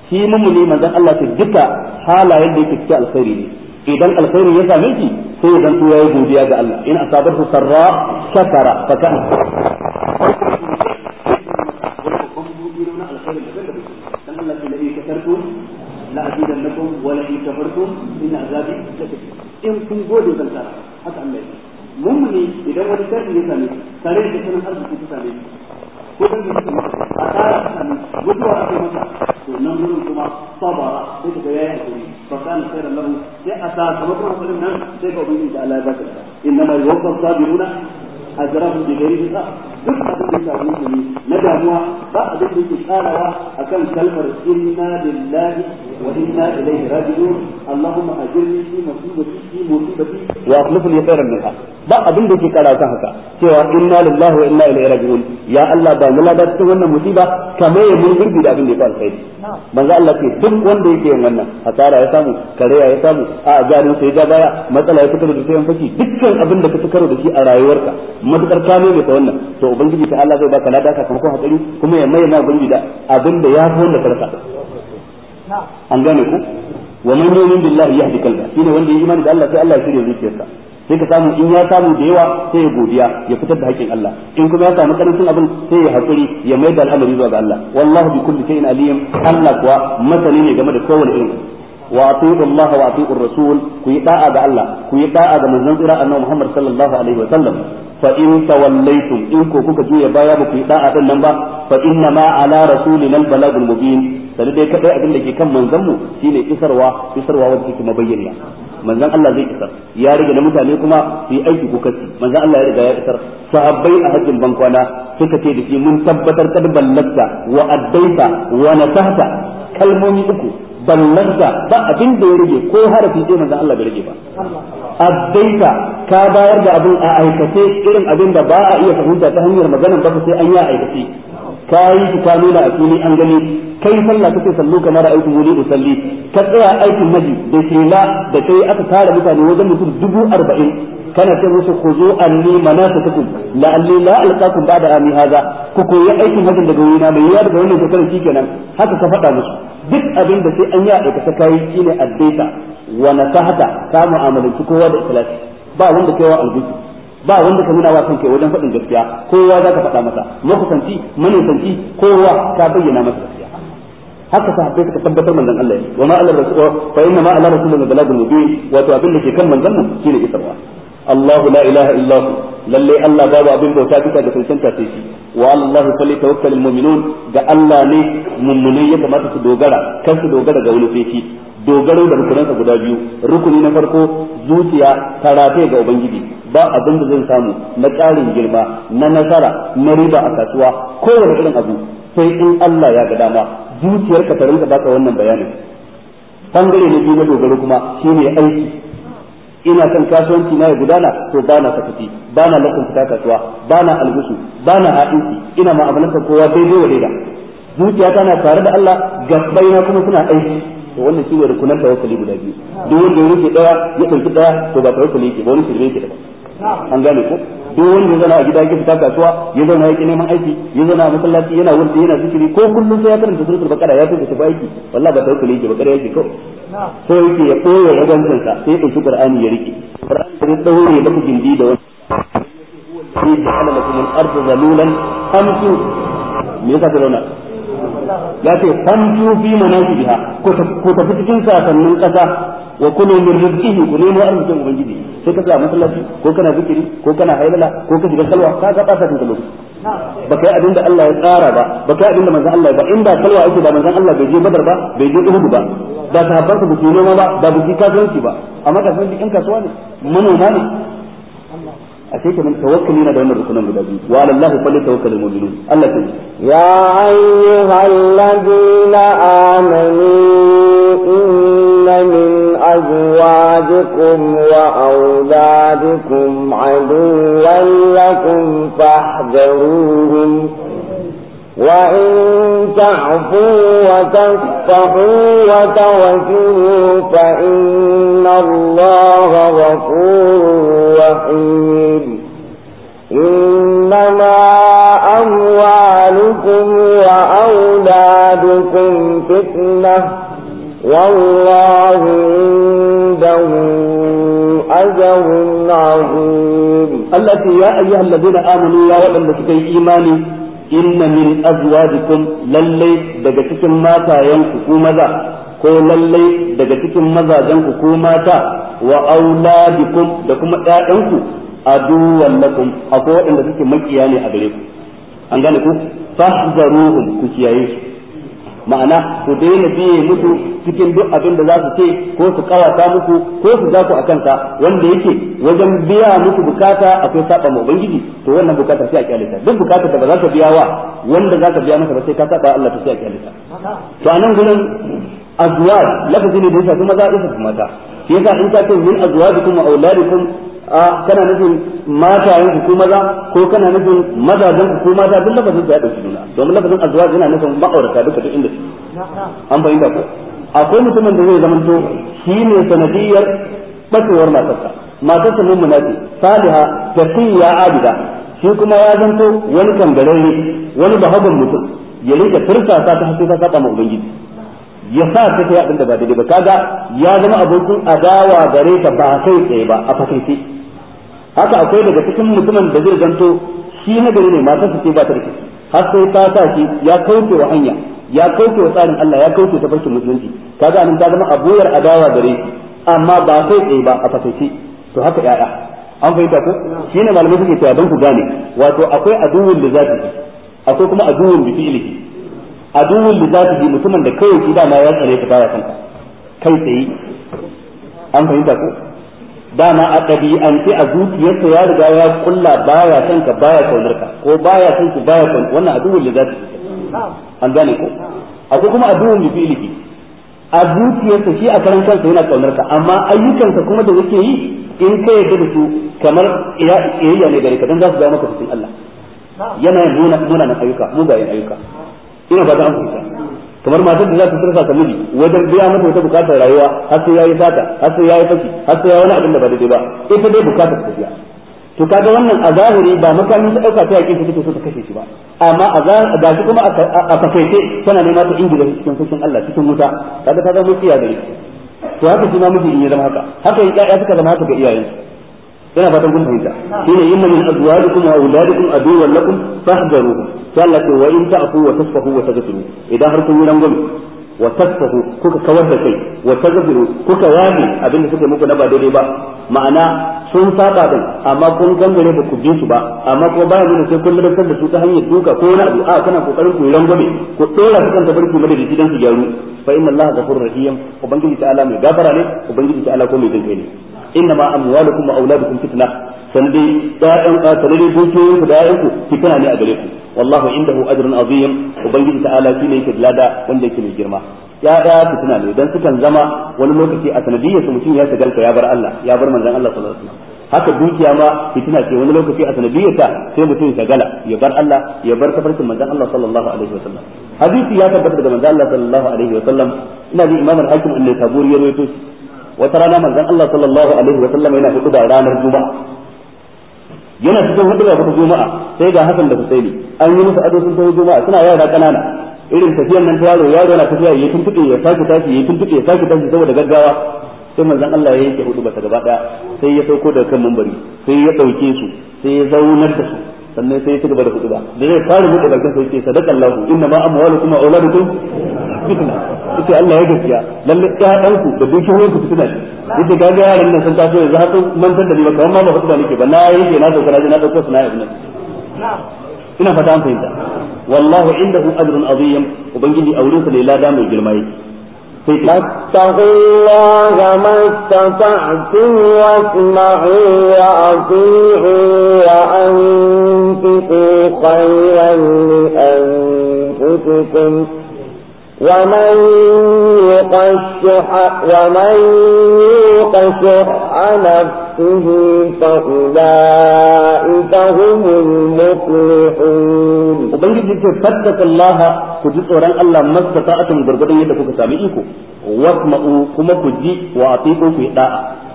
shi mu'mini manzon Allah ta duka halayen da yake cikin alkhairi ne idan alkhairi ya same shi sai ya zanto yayi godiya ga Allah in su sarra shakara fa kana la azidan lakum wa la in in azabi in kun gode zan tara haka Allah ya mummuni idan wani sharri ya same shi tare arziki ta same ko da shi a tsara ta same gudu a kai to nan gurin kuma sabara sai ka ga hakuri fa kana khairan a sakamakon hakurin nan da Allah ya baka inna ma duk abin da na damuwa ba abin da yake tsarawa akan kalmar inna lillahi wa inna ilaihi raji'un allahumma ajirni ba abin da ke kara kan haka cewa inna lillahi wa inna ilaihi raji'un ya Allah ba mu lada cikin wannan musiba kamar ya mun gurbi da abin da ya faru sai manzo Allah ce duk wanda yake yin wannan hasara ya samu kareya ya samu a jarin sai ya baya matsala ya fitar da sai an faki dukkan abin da ka ci karo da shi a rayuwarka madukar ka ne ka wannan to ubangiji ta Allah zai baka lada sakamakon hakuri kuma ya mai na gurbi da abin da ya fi wanda ka rasa an gane ku wa man yu'min billahi yahdi kalba shine wanda ya imani da Allah sai Allah ya shirya zuciyarsa sai ka samu in ya samu da yawa sai ya godiya ya fitar da haƙƙin Allah in kuma ya samu karancin abin sai ya haƙuri ya mai da al'amari zuwa ga Allah wallahu bi kulli shay'in alim Allah kuwa masani ne game da kowane irin wa atiyu Allah wa atiyu rasul ku yi da'a ga Allah ku yi da'a ga manzon tsira annabi Muhammad sallallahu alaihi wa sallam fa in tawallaytum in ko kuka juya baya ba ku yi da'a din nan ba fa inna ma ala rasulina al-balagul mubin sai dai kadai abin da ke kan manzon mu shine isarwa isarwa wanda take mabayyana manzon Allah zai isar ya rage na mutane kuma su aiki ko kasi manzon Allah ya riga ya isar sahabbai a hajjin bankwana suka ce da shi mun tabbatar kad ballanta wa addaita wa nasahta kalmomi uku ballanta ba abin da ya rage ko harafi ɗaya manzon Allah bai rage ba addaita ka bayar da abin a aikace irin abin da ba a iya fahimta ta hanyar magana ba sai an yi aikace ka yi shi ka nuna a fili an gani kai sallah kake sallu kamar aikin wuri usalli ka tsaya aikin maji da shela da kai aka tara mutane wajen mutum dubu arba'in kana ce musu ku zo anni manasikakum la'alli la alqakum ba'da ami hadha ku koyi aikin hajjin daga wurina mai yiwa daga wannan shekarar kenan haka ka faɗa musu duk abin da sai an yi ta kayi shine addaita wa nasahata ka mu'amalanci kowa da ikhlasi ba wanda kaiwa albuki ba wanda ka nuna wa kanka wajen faɗin gaskiya kowa za ka faɗa masa makusanci manusanci kowa ka bayyana masa gaskiya haka sahabbai suka tabbatar manzon Allah ne wa ma ala rasul fa inna ma ala rasulina balagul mubin wato abin da ke kan manzon nan shine isarwa Allahu la ilaha illa hu lalle Allah babu abin bauta duka da cancanta ta shi wa Allah fa li tawakkalul mu'minun da Allah ne mummunai ya kamata su dogara kan su dogara ga wani sai dogaro da rukunansa guda biyu rukuni na farko zuciya ta ga ubangiji ba abin da zai samu na ƙarin girma na nasara na riba a kasuwa kowane irin abu sai in Allah ya ga dama zuciyarka ta rinka baka wannan bayanin bangare na biyu na dogaro kuma shine aiki ina san kasuwanci na ya gudana to ba na sakaci ba na lakon fita kasuwa ba na algusu ba na haɗinki ina ma'amalantar kowa daidai wa daida zuciya tana tare da Allah gabbai na kuma suna aiki to wannan ne rukunan tawakkali guda biyu duk wanda ya rufe daya ya dauki daya to ba tawakkali yake ba wani shirme yake daban an gane ko duk wanda ya zana a gida yake fita kasuwa ya zana yake neman aiki ya zana a masallaci yana wurdi yana zikiri ko kullum sai ya karanta suratul baqara ya tuka ba aiki wallahi ba tawakkali yake ba kare yake kawai sai yake ya koya ragancin sa sai ya dauki qur'ani ya rike qur'ani da daure da kujindi da wani sai ya ja'ala lakum al-ardha zalulan amsu me yasa ka zauna ya ce famtu fi biya ko tafi cikin sakannin kasa wa kulu min rizqihi ku nemo arzikin ubangiji sai ka tsaya masallaci ko kana zikiri ko kana hailala ko ka shiga salwa ka ga ba ta lokaci ba kai abinda Allah ya tsara ba ba kai abinda manzon Allah ba inda salwa ake ba manzon Allah bai je Badar ba bai je Uhud ba ba ta sahabbansa ba su noma ba ba su kasuwanci ba amma kasuwanci in kasuwa ne manoma ne ashe kenan tawakkali yana da wannan rukunan guda biyu wa alallahi falyatawakkalul mu'minun Allah ta ya ayyuhal ladina amanu inna min azwajikum wa awladikum aduwwan lakum fahdharuhum وإن تعفوا وتفتحوا وتوكلوا فإن الله غفور رحيم إنما أموالكم وأولادكم فتنة والله عنده أجر عظيم التي يا أيها الذين آمنوا يا ولد إيماني inna min azwajikum lallai daga cikin matayenku ku maza ko lallai daga cikin mazajenku ku mata wa auladikum da kuma ƴaƴanku aduwwan lakum akwai waɗanda suke makiya ne a gare ku an gane ku fahzaruhum ku kiyaye su ma'ana ku daina biye musu cikin duk abin da za su ce ko su kawata muku ko su za ku a kansa wanda yake wajen biya muku bukata akwai saba ma ubangiji to wannan bukata sai a kyalita duk bukata da ba za ka biya wa wanda za ka biya masa ba sai ka saba Allah to sai a kyalita to anan gurin azwaj lafazi ne da yasa kuma za a isa mata shi yasa in ka ce min azwajikum wa auladikum a kana nufin matayen ku ko maza ko kana nufin mazajen ku mata duk lafazin ya dauki nuna domin lafazin azwaj yana nufin ma'aurata duka duk inda an fahimta ko akwai mutumin da zai zamanto ne sanadiyar bacewar matarsa matarsa mun munafi saliha da ya abida shi kuma ya zanto wani kangarare wani bahagon mutum ya da tursa ta ta hakika saba ma ubangiji ya sa ta yi abin da ba daidai ba kaga ya zama abokin adawa gare ta ba kai tsaye ba a fakaice haka akwai daga cikin mutumin da zai zanto shi na gari ne su ce ba ta rikici har sai ta sa shi ya kauce wa hanya ya kauce wa tsarin Allah ya kauce ta farkin musulunci kaga anan ta zama aboyar adawa gare shi amma ba kai tsaye ba a fakaice to haka yaya an fahimta ko shine malamai suke cewa don ku gane wato akwai aduwwul da zati akwai kuma aduwwul bi fi'lihi za su ji mutumin da kai shi dama ya tsare ka baya kanka kai tsaye an fahimta ko dama a ɗabi'ance a zuciyarsa ya riga ya kulla baya kanka baya kaunar ka ko baya son ku baya kan wannan aduwwul li zatihi an gane ko akwai kuma a li fi'lihi a zuciyarsa shi a karan kansa yana kaunar ka amma ayyukansa kuma da yake yi in ka yarda da su kamar iyayya ne gare ka dan za su ga maka cikin Allah yana nuna nuna ayyuka mugayen ayyuka ina ba ta amfita kamar matar da za ta sarfa ta miji wajen biya mata wata bukatar rayuwa har sai yayi sata har sai yayi faki har sai yayi wani abin da ba daidai ba ita dai bukatar ta biya to kaga wannan a zahiri ba makamin ta dauka ta yake ta so ta kashe shi ba amma a ga shi kuma a fakaice tana nema ta ingila cikin fushin Allah cikin wuta kaga ta zama ya gare to haka shi ma miji in ya zama haka haka in ya suka zama haka ga iyayen yana fatan kun fahimta shine inna min azwajikum wa auladikum aduwwan lakum fahdharuhum sai Allah ce wa in ta'fu wa tasfahu wa taghfiru idan har kun yi rangwame wa tasfahu kuka kawar da kai wa taghfiru kuka yafi abin da suke muku na ba daidai ba ma'ana sun saba din amma kun gangare ba ku bi su ba amma kuma baya nuna sai kun ladabtar da su ta hanyar duka ko na addu'a kana kokarin ku yi rangwame ku dora su kan tabarki madadi dan su gyaru fa inna Allah ghafurur rahim ubangiji ta'ala mai gafara ne ubangiji ta'ala ko mai jinkai ne inna ma amwalukum wa auladukum fitna sanadai ƴaƴan sanadai dukiyoyin ku da ƴaƴan ku fitana ne a gare ku wallahu indahu ajrun azim ubangiji ta'ala shine yake lada wanda yake mai girma ƴaƴa fitana ne dan sukan zama wani lokaci a sanadiyar su mutum ya shagalta ya bar Allah ya bar manzon Allah sallallahu alaihi wasallam haka dukiya ma fitina ce wani lokaci a ta sai mutum ya shagala ya bar Allah ya bar tafarkin manzon Allah sallallahu alaihi wasallam hadisi ya tabbata daga manzon Allah sallallahu alaihi wasallam ina ji imam al-hakim an-nisaburi ya rawaito wata rana manzon Allah sallallahu alaihi wasallam yana hudu da ranar juma'a yana cikin hudubar ta juma'a sai ga Hassan da Husaini an yi musu ado sun tafi juma'a suna yara kanana irin tafiyan nan ta yaro yaro na tafiya yayin tuntuɓe ya sake tashi yayin tuntuɓe ya sake tashi saboda gaggawa sai manzon Allah ya yanke hudu ba ta gaba daya sai ya sauko daga kan mambari sai ya dauke su sai ya zaunar da su sannan sai ya ci gaba da hudu da zai fara buɗe bakin sai ce sadaqallahu inna ma amwalukum wa auladukum fitna yace Allah ya gaskiya lalle ƴaƴan ku da dukiyoyin ku fitna ne yace ga yaran nan sun taso yanzu har sun mantar da ni ba kamar ma ba hudu ba nake ba na yake na dauka na dauka suna ibn ina fata an fahimta wallahu indahu ajrun azim ubangiji aure sa ne lada mai girma yake فاتقوا الله ما استطعتم واسمعوا واطيعوا أنفسكم ومن يقشح ومن نفسه فأولئك هم المفلحون وبنجد فتك الله كجد أوران الله ما استطعتم بربطين يدكو كسامئيكو واسمعوا كما كجي وأطيعوا في داء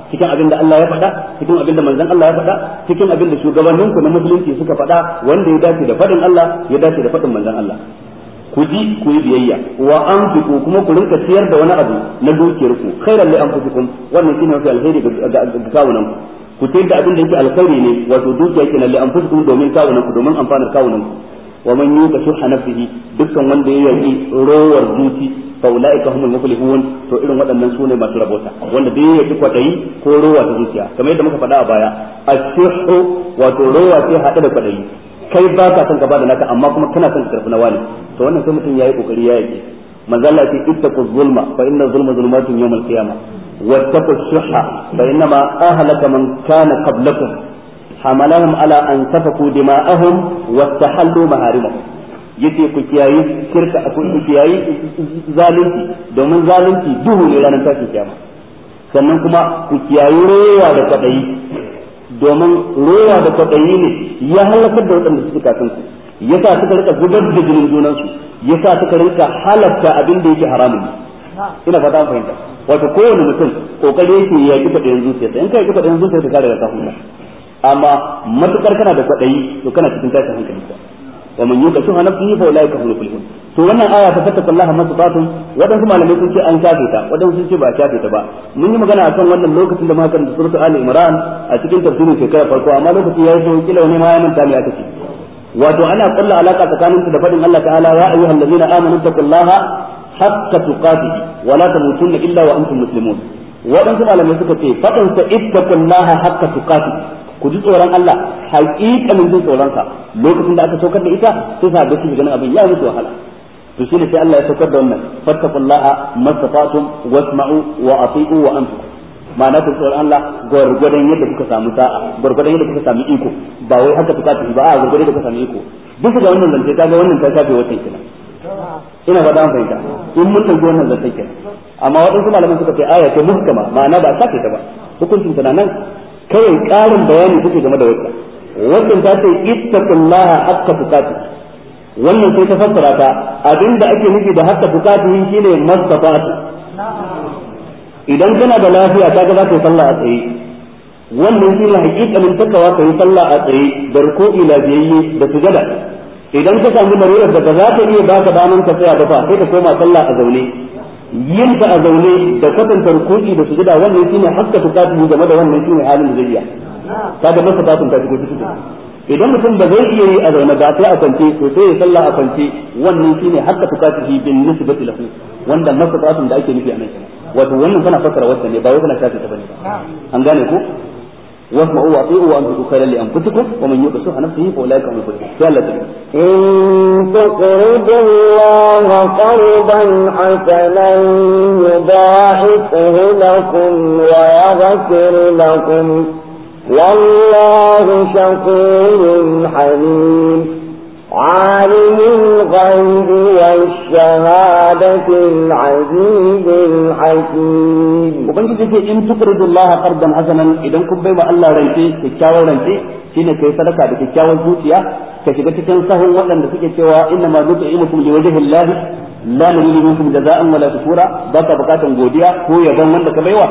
cikin abin da Allah ya faɗa cikin abin da manzon Allah ya faɗa cikin abin da shugabannin ku na musulunci suka faɗa wanda ya dace da faɗin Allah ya dace da faɗin manzon Allah ku ji ku yi biyayya wa anfiqu kuma ku rinka ciyar da wani abu na dukiyar ku khairan li anfusikum wannan shine mafi alheri ga kawunan ku ku ciyar da abin da yake alkhairi ne wato dukiya yake li anfusikum domin kawunan ku domin amfanar kawunan ku wa man yuka shuha nafsihi dukkan wanda ya yaki rowar zuci fa ulaika humul muflihun to irin waɗannan sune masu rabota wanda da ya yaki kwadayi ko rowa ta zuciya kamar yadda muka faɗa a baya ashihu wato rowa ce haɗe da kwadayi kai ba ka son ka da naka amma kuma kana son ka karbi na wani to wannan sai mutum yayi kokari ya yake manzo Allah ya ce ittaqu zulma fa inna zulma zulumatun yawm al-qiyamah wattaqu shuhha fa inna ma ahlaka man kana qablakum hamalahum ala an safaku dima'ahum wastahallu maharimahum yace ku kiyayi shirka ku kiyayi zalunci domin zalunci duhu ne ranar tashin kiyama sannan kuma ku kiyayi rewa da kwadayi domin rowa da kwaɗayi ne ya halakar da waɗanda suke kafin su sa suka rika gudar da jinin junansu sa suka rika halatta abin da yake haramun ina fata fahimta wato kowane mutum kokari yake ya ki kwaɗayin zuciyarsa in ka ki kwaɗayin zuciyarsa ka daga kafin amma matukar kana da kwaɗayi to kana cikin tashin hankali ka wa man yuka shuha nafsihi fa ulaika hum muflihun to wannan aya ta fatta kullaha masatun waɗansu malamai sun ce an kafe ta waɗansu sun ce ba a kafe ta ba mun yi magana akan wannan lokacin da muka da suratul ali imran a cikin tafsirin shekara farko amma lokaci yayi sai kila wani ma ya manta me aka ce wato ana kulla alaka tsakanin da fadin Allah ta'ala ya ayyuhal ladina amanu taqullaha haqqa tuqatih wa la tamutunna illa wa antum muslimun waɗansu malamai suka ce fadin sa ittaqullaha haqqa tuqatih ku ji tsoron Allah haƙiƙanin jin tsoron lokacin da aka saukar da ita sai sa ga su ganin abin ya mutu wahala to shine sai Allah ya saukar da wannan fattaqullaha mastata'tum wasma'u wa ati'u wa anfiqu ma'ana ku tsoron Allah gwargwadon yadda kuka samu sa'a gwargwadon yadda kuka samu iko ba wai haka kuka tafi ba a gwargwadon yadda kuka samu iko duk da wannan zance kaga wannan ta kafe wata kenan ina fata an fahimta in mun tafi wannan zance kenan amma waɗansu malaman suka ce aya ce muhkama ma'ana ba a ta ba hukuncin ta nan kawai ƙarin bayani suke game da wata wannan ta ce ittaqullaha haqqa tuqatih wannan sai ta fassara ta abinda ake nufi da haka bukatun ne mastafatu idan kana da lafiya ga za ka yi sallah a tsaye wannan shine hakikalin takawa ka yi sallah a tsaye da ruku'i lafiyayye da sujada idan ka samu marurar da ba za ta iya baka daman ka tsaya ba sai ka koma sallah a zaune yin ta a zaune da kwatanta ruku'i da sujada wannan ne hakka bukatun game da wannan ne halin zuriya kaga mastafatu ta shigo cikin idan mutum ba zai iya yi a zaune ba sai a kwance to sai ya sallah a kwance wannan shine hakka tukatihi bin nisbati lahu wanda masafatun da ake nufi a nan wato wannan tana fassara wacce ne ba wai tana shafi ta bane an gane ko واسمعوا واطيعوا وانفقوا خيرا لانفسكم ومن يوق شح نفسه فاولئك هم المفلحون يا الله ان تقرضوا الله قرضا حسنا يضاعفه لكم ويغفر لكم 阿拉影响困难。عالم الغيب والشهادة العزيز الحكيم وبنجي تي إن تقرض الله قرضا حسنا إذا كنت بيما الله رنتي كيكاوى رنتي shine kai sadaka da kyakkyawan zuciya ka shiga sahu sahun waɗanda suke cewa inna ma nut'imukum liwajhillahi la nuridu minkum jazaa'an wala shukura ba ka bukatan godiya ko yabon wanda ka baiwa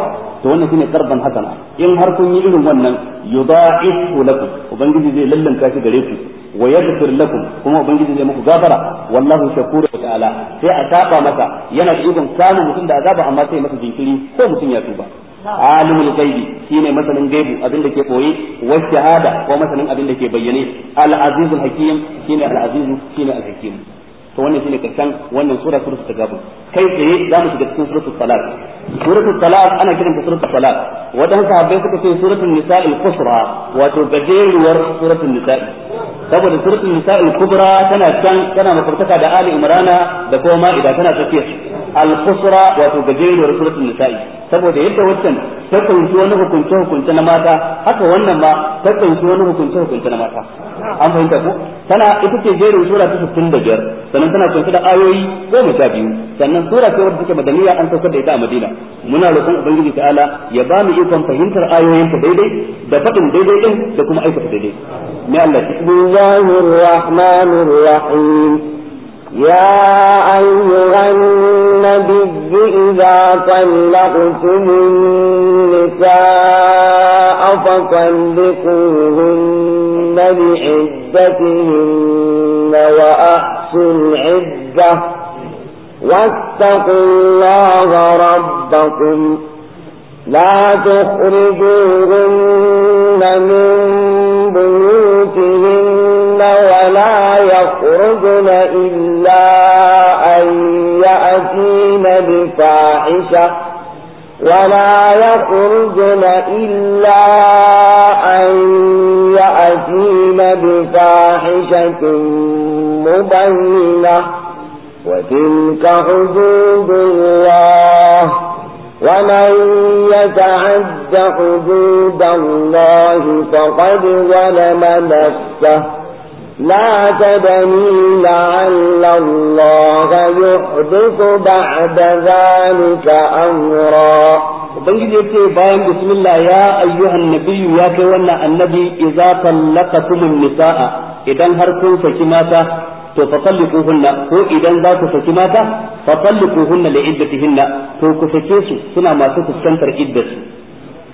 to wannan shine karban hasana in har kun yi irin wannan yudaifu lakum ubangiji zai lallanta shi gare ku wa yaghfir lakum kuma ubangiji zai muku gafara wallahu shakurun ta'ala sai a saba masa yana ibin samun mutum da a azaba amma sai masa jinkiri ko mutum ya tuba alimul gaibi shine masanin gaibu abin da ke ɓoye wa shahada ko masanin abin da ke bayyane al azizul hakim shine al'azizu azizu shine al hakim to wannan shine karshen wannan sura suratul tagabun kai tsaye za mu shiga cikin suratul talaq suratul talaq ana kiran ta suratul talaq wadan sahabbai suka ce suratul nisa'il qusra wato gajeruwar suratul nisa'i saboda suratul nisa'il kubra tana can tana mafartaka da ali imrana da kuma ma'ida tana tafiya al-qusra wato gajeruwar suratul nisa'i saboda yadda wancan ta kunshi wani hukunce hukunce na mata haka wannan ma ta kunshi wani hukunce hukunce na mata an fahimta ko tana ita ce jerin sura ta 65 sannan tana kunshi da ayoyi goma sha biyu sannan sura ce wadda take madaniya an saukar da ita a Madina muna roƙon ubangiji ta'ala ya ba mu ikon fahimtar ta daidai da faɗin daidai din da kuma aikata daidai mai Allah ya rahmanir rahim يا أيها النبي إذا طلقتم النساء فطلقوهن لعدتهن وأحسوا العدة واتقوا الله ربكم لا تخرجوهن من بيوتهن ولا يخرجن إلا أن يأتين بفاحشة ولا يخرجن إلا أن يأتين بفاحشة مبينة وتلك حدود الله ومن يتعد حدود الله فقد ظلم نفسه لا تدني لعل الله يحدث بعد ذلك أمرا ubangiji ya ce bayan bismillah ya ayyuhan nabiyyu ya kai wannan annabi idza tallaqatum nisaa idan har kun saki mata to fa talliquhunna ko idan za ku saki mata fa talliquhunna li iddatihinna to ku sake su suna masu fuskantar iddatu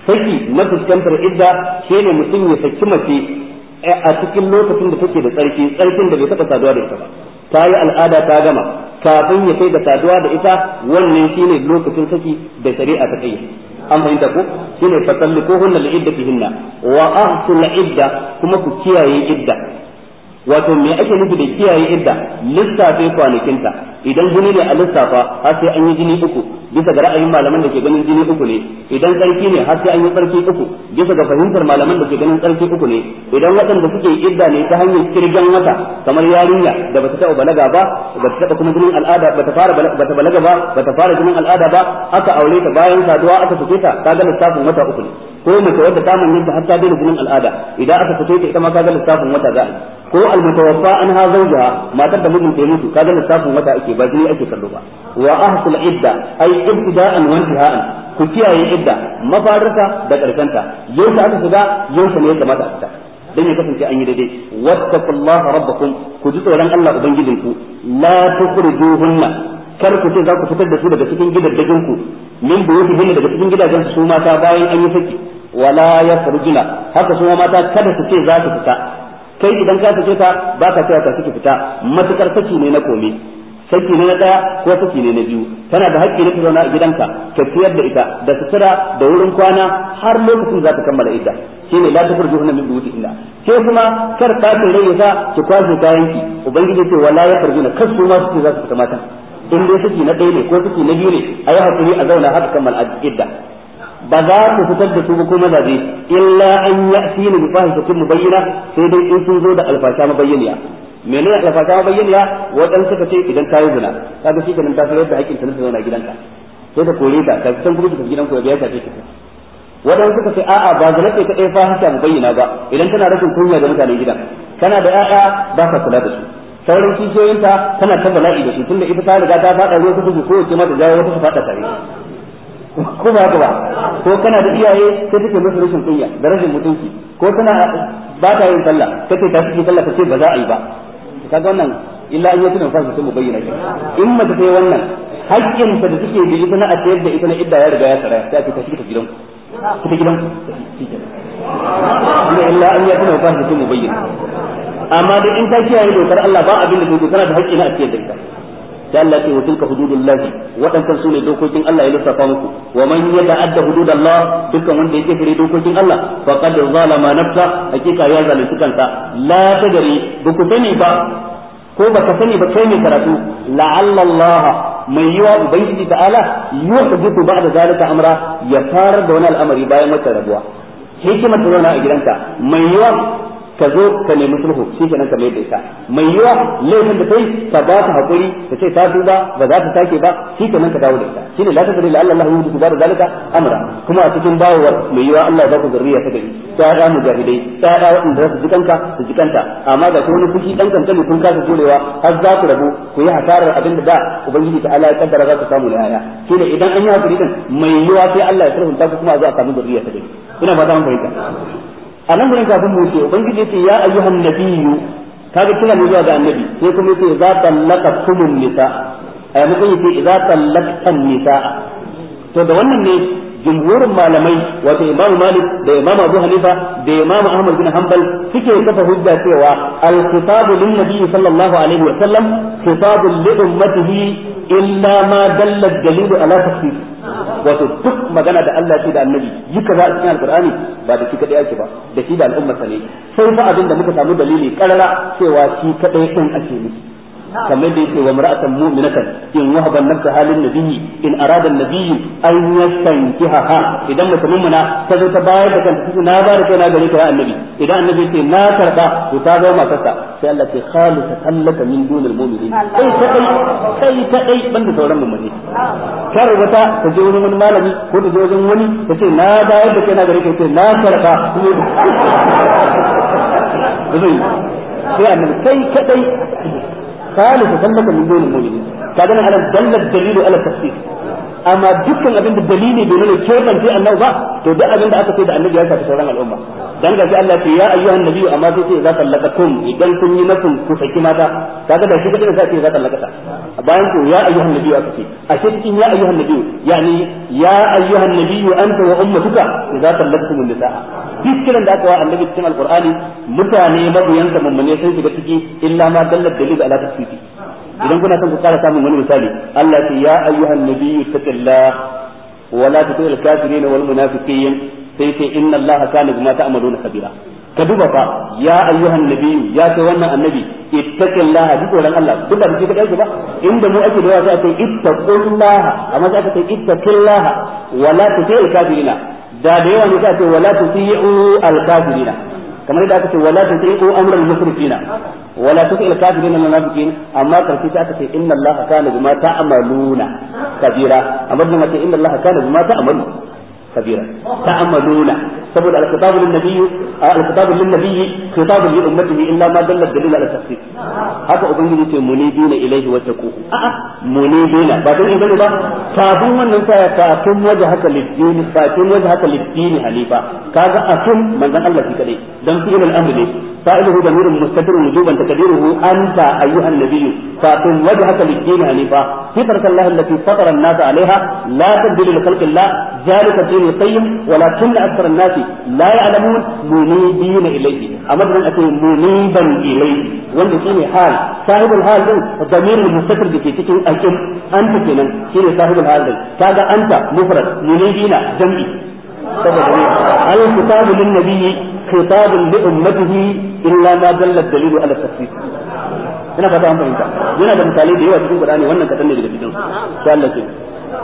saki na fuskantar idda shine mutum ya saki mace a cikin lokacin da take da tsarki tsarkin da bai taɓa saduwa da ita ba ta yi al'ada ta gama kafin ya kai da saduwa da ita wannan shine lokacin saki da shari'a ta kai an fahimta ko shine fasalli ko hunna li iddatihinna wa ahsul idda kuma ku kiyaye idda wato me ake nufi da kiyaye idda lissafe kwanakinta idan jini ne a lissafa har sai an yi jini uku bisa ga ra'ayin malaman da ke ganin jini uku ne idan tsarki ne har sai an yi tsarki uku bisa ga fahimtar malaman da ke ganin tsarki uku ne idan waɗanda suke idda ne ta hanyar kirgan wata kamar yarinya da bata taɓa balaga ba bata taɓa kuma jinin al'ada bata fara bata balaga ba bata fara jinin al'ada ba aka aure ta bayan saduwa aka sake ta kaga lissafin wata uku ne ko mace wadda ta manyanta har ta daina jinin al'ada idan aka sake ta ita ma kaga lissafin wata za yi ko almutawaffa an ha zauja matar da mijinta ya mutu kaga lissafin wata ake ba jini ake kallo ba wa ahsul idda ay ibtida'an wa intiha'an ku kiyaye idda mafarka da karkanta yau aka shiga yau ne ya kamata a fita dan ya kasance an yi daidai wattaqullaha rabbakum ku ji tsoron Allah ubangijinku la tukhrijuhunna kar ku ce za ku fitar da su daga cikin gidajen ku min daga cikin gidajen su mata bayan an yi saki wala yakhrujuna haka su mata kada su ce za su fita kai idan ka sake ta ba ka tsaya ka saki fita matukar saki ne na komi saki ne na daya ko saki ne na biyu tana da haƙƙi ne ta zauna a gidanka ka ciyar da ita da sutura da wurin kwana har lokacin za ta kammala shi ne lati furju na min buyutihinna ke kuma kar ka tare yasa ki kwashe kayanki ubangiji ce wala ya farjuna kasu ma su za su fita matan in dai saki na ɗaya ne ko saki na biyu ne a yi hakuri a zauna har kammala a idda ba za ku fitar da su ba ko mazaje illa an ya'tina bi fahishatin mubayyana sai dai in sun zo da alfasha mabayyaniya menene alfasha mabayyaniya wadan suka ce idan ta yi zina kaga shi kenan ta sayar da hakkin ta na zauna gidanka sai ka kore ta ka san kuma ka gidanku ya biya ta ce wadan suka ce a'a ba zina ce kadai fahisha mubayyana ba idan tana rashin kunya ga mutane gidan kana da ƴaƴa ba ka kula da su sauran kishiyoyinta tana ta bala'i da su tunda ita ta riga ta faɗa ruwa ta ko ce mata jawo wata ta faɗa tare ko ba haka ba ko kana da iyaye sai take musu rashin kunya da rashin mutunci ko kana ba ta yin sallah kace ta cikin sallah kace ba za a yi ba kaga wannan illa an yatuna fa su bayyana shi in mace sai wannan haƙƙin ta da take da ita na a tayar da ita na idda ya riga ya tsara sai ta shiga ku ta gidan ku illa an yatuna fa su bayyana amma da in ta kiyaye dokar Allah ba abin da ke tana da haƙƙi na a tayar da ita da Allah ke wutul ka hududullah waɗannan su ne dokokin Allah ya lissafa muku wa man yata'adda hududallah dukkan wanda yake fere dokokin Allah faqad zalama nafsa hakika ya zalunci kansa la tadri buku sani ba ko baka sani ba kai ne karatu la'alla Allah mai yiwa ubangiji ta'ala yuhdithu ba'da zalika amra ya fara da wani al'amari bayan wata rabuwa hikimar ta zauna a gidanka mai yiwa ka zo ka nemi sulhu nan ka mai da ita mai yiwa laifin da kai ka ba ta hakuri ta ce ta duba ba za ta sake ba nan ka dawo da ita shine la tadri la Allah yuhdi ba da zalika amra kuma a cikin dawowar mai yiwa Allah za ba ku zurriya ta gari ta da mujahidai ta da waɗanda za su ji kanka su ji kanta amma da wani kuki dan kankani kun kasa jurewa har za ku rabu ku yi hasarar abin da da ubangiji ta Allah ya kaddara za ku samu na yaya ne idan an yi hakuri din mai yiwa sai Allah ya sulhunta ku kuma a zo a samu zurriya ta gari ina fata mun fahimta a nan gurin kafin mu ce ubangiji yace ya ayyuhan nabiyyu kaga kira ne zuwa ga annabi sai kuma yace idza tallaqtum nisa a yayin yace idza tallaqtan nisa to da wannan ne jumhurin malamai wato imam malik da imam abu hanifa da imam ahmad bin hanbal suke kafa hujja cewa al-khitabu lin nabi sallallahu alaihi wa sallam khitabu li ummatihi illa ma dalla dalil ala tafsir wato duk magana da Allah ce da annabi yi kaza a cikin alqur'ani ba da shi kadai ake ba da shi da al'umma ne sai fa abin da muka samu dalili karara cewa shi kadai kan ake miki kamar da yake wa mar'atan mu'minatan in wahaba nafsa halin nabiyyi in arada nabiyyi ay yastankihaha idan mutum muna ta zo ta bayar da kanta na ba da kai na gare ka ya annabi idan annabi ce na karba to ta zo matarsa sai Allah ce khalisatan laka min dunil mu'minin kai kadai kai kadai banda sauran mu'mini kar wata ta je wani malami ko ta je wajen wani ta ce na bayar da kai na gare ka ce na karba *laughs* sai annabi kai kadai الثالث ذنبا من دون المؤمنين kaga nan anan dallar dalilu ala tafsir amma dukkan abin da dalili domin ne keban fi annabi ba to duk abin da aka ce da annabi ya shafi sauran al'umma dan ga sai Allah ce ya ayyuhan nabiyyu amma sai sai za tallaka kun idan kun yi nafin ku saki mata kaga da shi kadai sai za tallaka ta bayan to ya ayyuhan nabiyyu aka ce a cikin ya ayyuhan nabiyyu yani ya ayyuhan nabiyyu anta wa ummatuka idza tallaqtum nisaa duk kiran da aka wa annabi cikin alqur'ani mutane ta mummune sai shiga ciki illa ma dallat dalil ala tafsiri idan kuna son ku kara samun wani misali Allah ce ya ayyuhan ta taqillah wa la tuti'il kafirin wal munafiqin sai ce inna allaha kana bima ta'maluna khabira ka duba fa ya ayyuhan nabi ya ce wannan annabi ittaqillaha duk tsoron Allah duk da kike kai ba inda mu ake da yawa sai ittaqullaha amma sai aka ce ittaqillaha wala tuti'il kafirina da da yawa ne sai ce wala tuti'u al kafirina kamar da aka ce wala tuti'u amral musrifina wala tuti'il kafirina munafiqin amma karfi sai aka ce inna Allah kana bima ta'maluna kabira amma da mace inna Allah kana bima ta'maluna كبيرا تعملون سبب الخطاب للنبي الخطاب للنبي خطاب لأمته إلا ما دل الدليل على التخفيف هذا أبنجي في منيبين إليه وتكوه أه منيبين بعدين إذا لبا كابون من ننسى كاكم وجهك للدين كاكم وجهك للدين حنيفا كذا أكم من ذن الله في كليه دم في الأمر ليه فاعله ضمير مستتر وجوبا تقديره انت ايها النبي فاقم وجهك للدين حنيفا فطرة الله التي فطر الناس عليها لا تبديل لخلق الله ذلك الدين القيم ولكن اكثر الناس لا يعلمون منيبين اليه امرنا اكون منيبا اليه wanda shine hal sahibul hal din damirin mustatir da ke cikin akin anta kenan shine sahibul hal din kaga anta mufrad munibina jam'i saboda ne al kitabu lin nabiyyi kitabun li ummatihi illa ma dalla dalilu ala tafsir ina fata an fahimta yana da misalai da yawa cikin Qur'ani wannan kadan ne daga cikin su Allah ke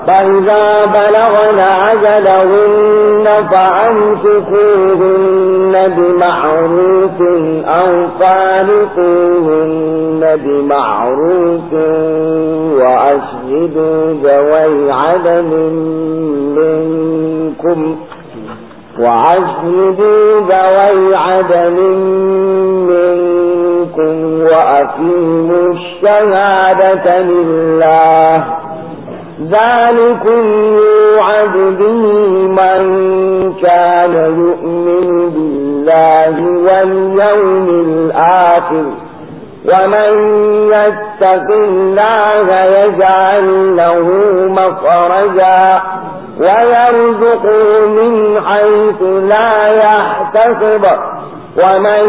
فإذا بلغنا أجلهن فأمسكوهن بمعروف أو فارقوهن بمعروف وأشهدوا ذوي عدل منكم وعشروا ذوي عدل منكم وأقيموا الشهادة لله ذلكم يوعد به من كان يؤمن بالله واليوم الآخر ومن يتق الله يجعل له مخرجا ويرزقه من حيث لا يحتسب ومن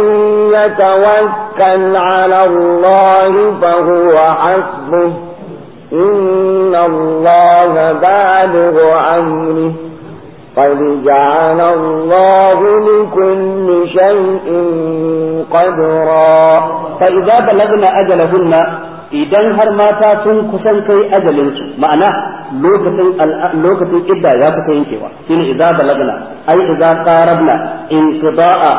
يتوكل على الله فهو حسبه إن الله بالغ أمره قد جعل الله لكل شيء قدرا فإذا بلغنا أجلهن idan har mata sun kusan kai ajalinsu ma'ana lokacin lokacin idda ya kusa yankewa shine idza balagna ai idza qarabna inqida'a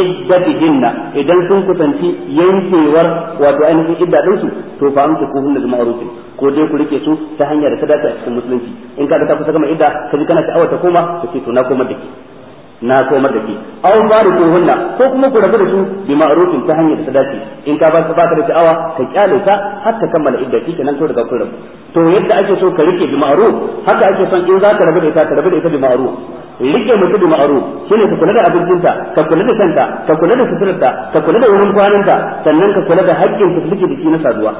iddatihinna idan sun kusanci yankewar wato ainihin idda ɗinsu to fa an kuku da ma'rufin ko dai ku rike su ta hanyar da ta dace a cikin musulunci in ka ga ta kusa gama idda ka ji kana ta ta koma to ke to na koma da na komar da ke aw fariku hunna ko kuma ku rabu da su bi ma'rufin ta hanyar sadaki in ka ba ka ba ka da sha'awa ka kyale ta har ta kammala idda ta nan to daga kun rabu to yadda ake so ka rike bi ma'ruf haka ake son in za ka rabu da ita ka rabu da ita bi ma'ruf rike mutu bi ma'ruf shine ka kula da abincinta ka kula da kanta ka kula da suturarta ka kula da wurin kwananta sannan ka kula da haƙƙin ta suke da na saduwa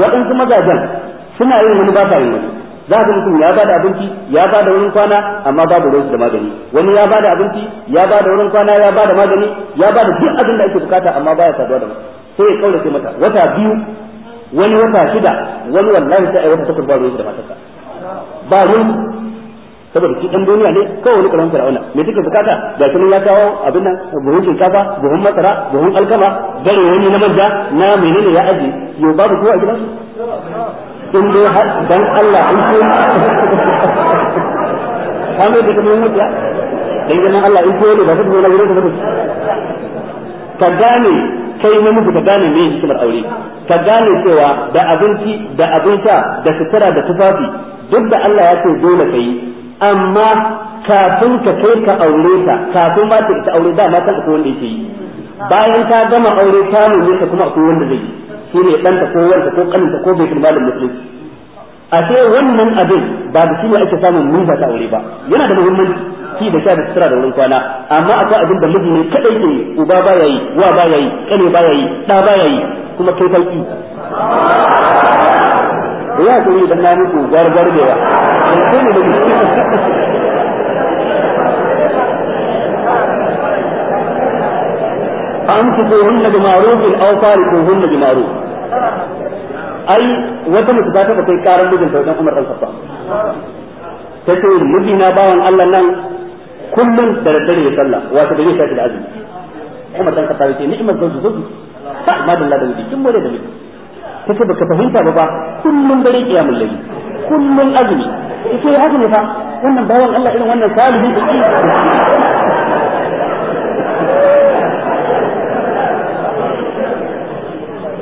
waɗansu mazajen suna yin wani ba yin wasu. za ka mutum ya bada abinci ya bada wurin kwana amma babu ruwansu da magani wani ya bada abinci ya bada wurin kwana ya bada magani ya bada duk abin da ake bukata amma baya saduwa da sai ya kaurace mata wata biyu wani wata shida wani wallahi sai a wata takwas ba ruwansu da matarsa ba ruwansu saboda shi dan duniya ne kawai wani karamin fir'auna me take bukata da kin ya kawo abin nan buhun shinkafa buhun masara buhun alkama gare wani na manja na menene ya aje yo babu kowa a gidansu in dai dan Allah in ce ka mai da kamar mutiya dan ganin Allah in ce ba su na gure da mutum ka gane kai na muku ka gane me hikimar aure ka gane cewa da abinci da abin sha da sutura da tufafi duk da Allah ya ce dole kai amma kafin ka kai ka aure ta kafin ba ta ita aure da ma san akwai wanda yake yi bayan ka gama aure ta nemi ka kuma akwai wanda zai yi ko ne ɗanta ko wanda ko ƙaninta ko bai kalmalin musulunci a ce wannan abin ba da shi ne ake samun ba ta aure ba yana da muhimmanci shi da sha da sutura da wurin kwana amma akwai abin da miji ne kadai ke uba ba yayi wa ba yayi kane ba yayi da ba yayi kuma kai kalki ya ce idan na muku gargar da ya sai ne أمسكوهن بمعروف أو فارقوهن بمعروف ai wata ba ta taba kai karan ta wajen Umar dan Khattab ta ce mijina bawan Allah nan kullum da daddare ya sallah wato da ya shafi da azumi Umar dan Khattab ya ce ni'mar zawji zawji ba madalla da miji kin more da miji kace baka fahimta ba ba kullum dare kiyamul layl kullum azumi yake ya ne fa wannan bawan Allah irin wannan salihin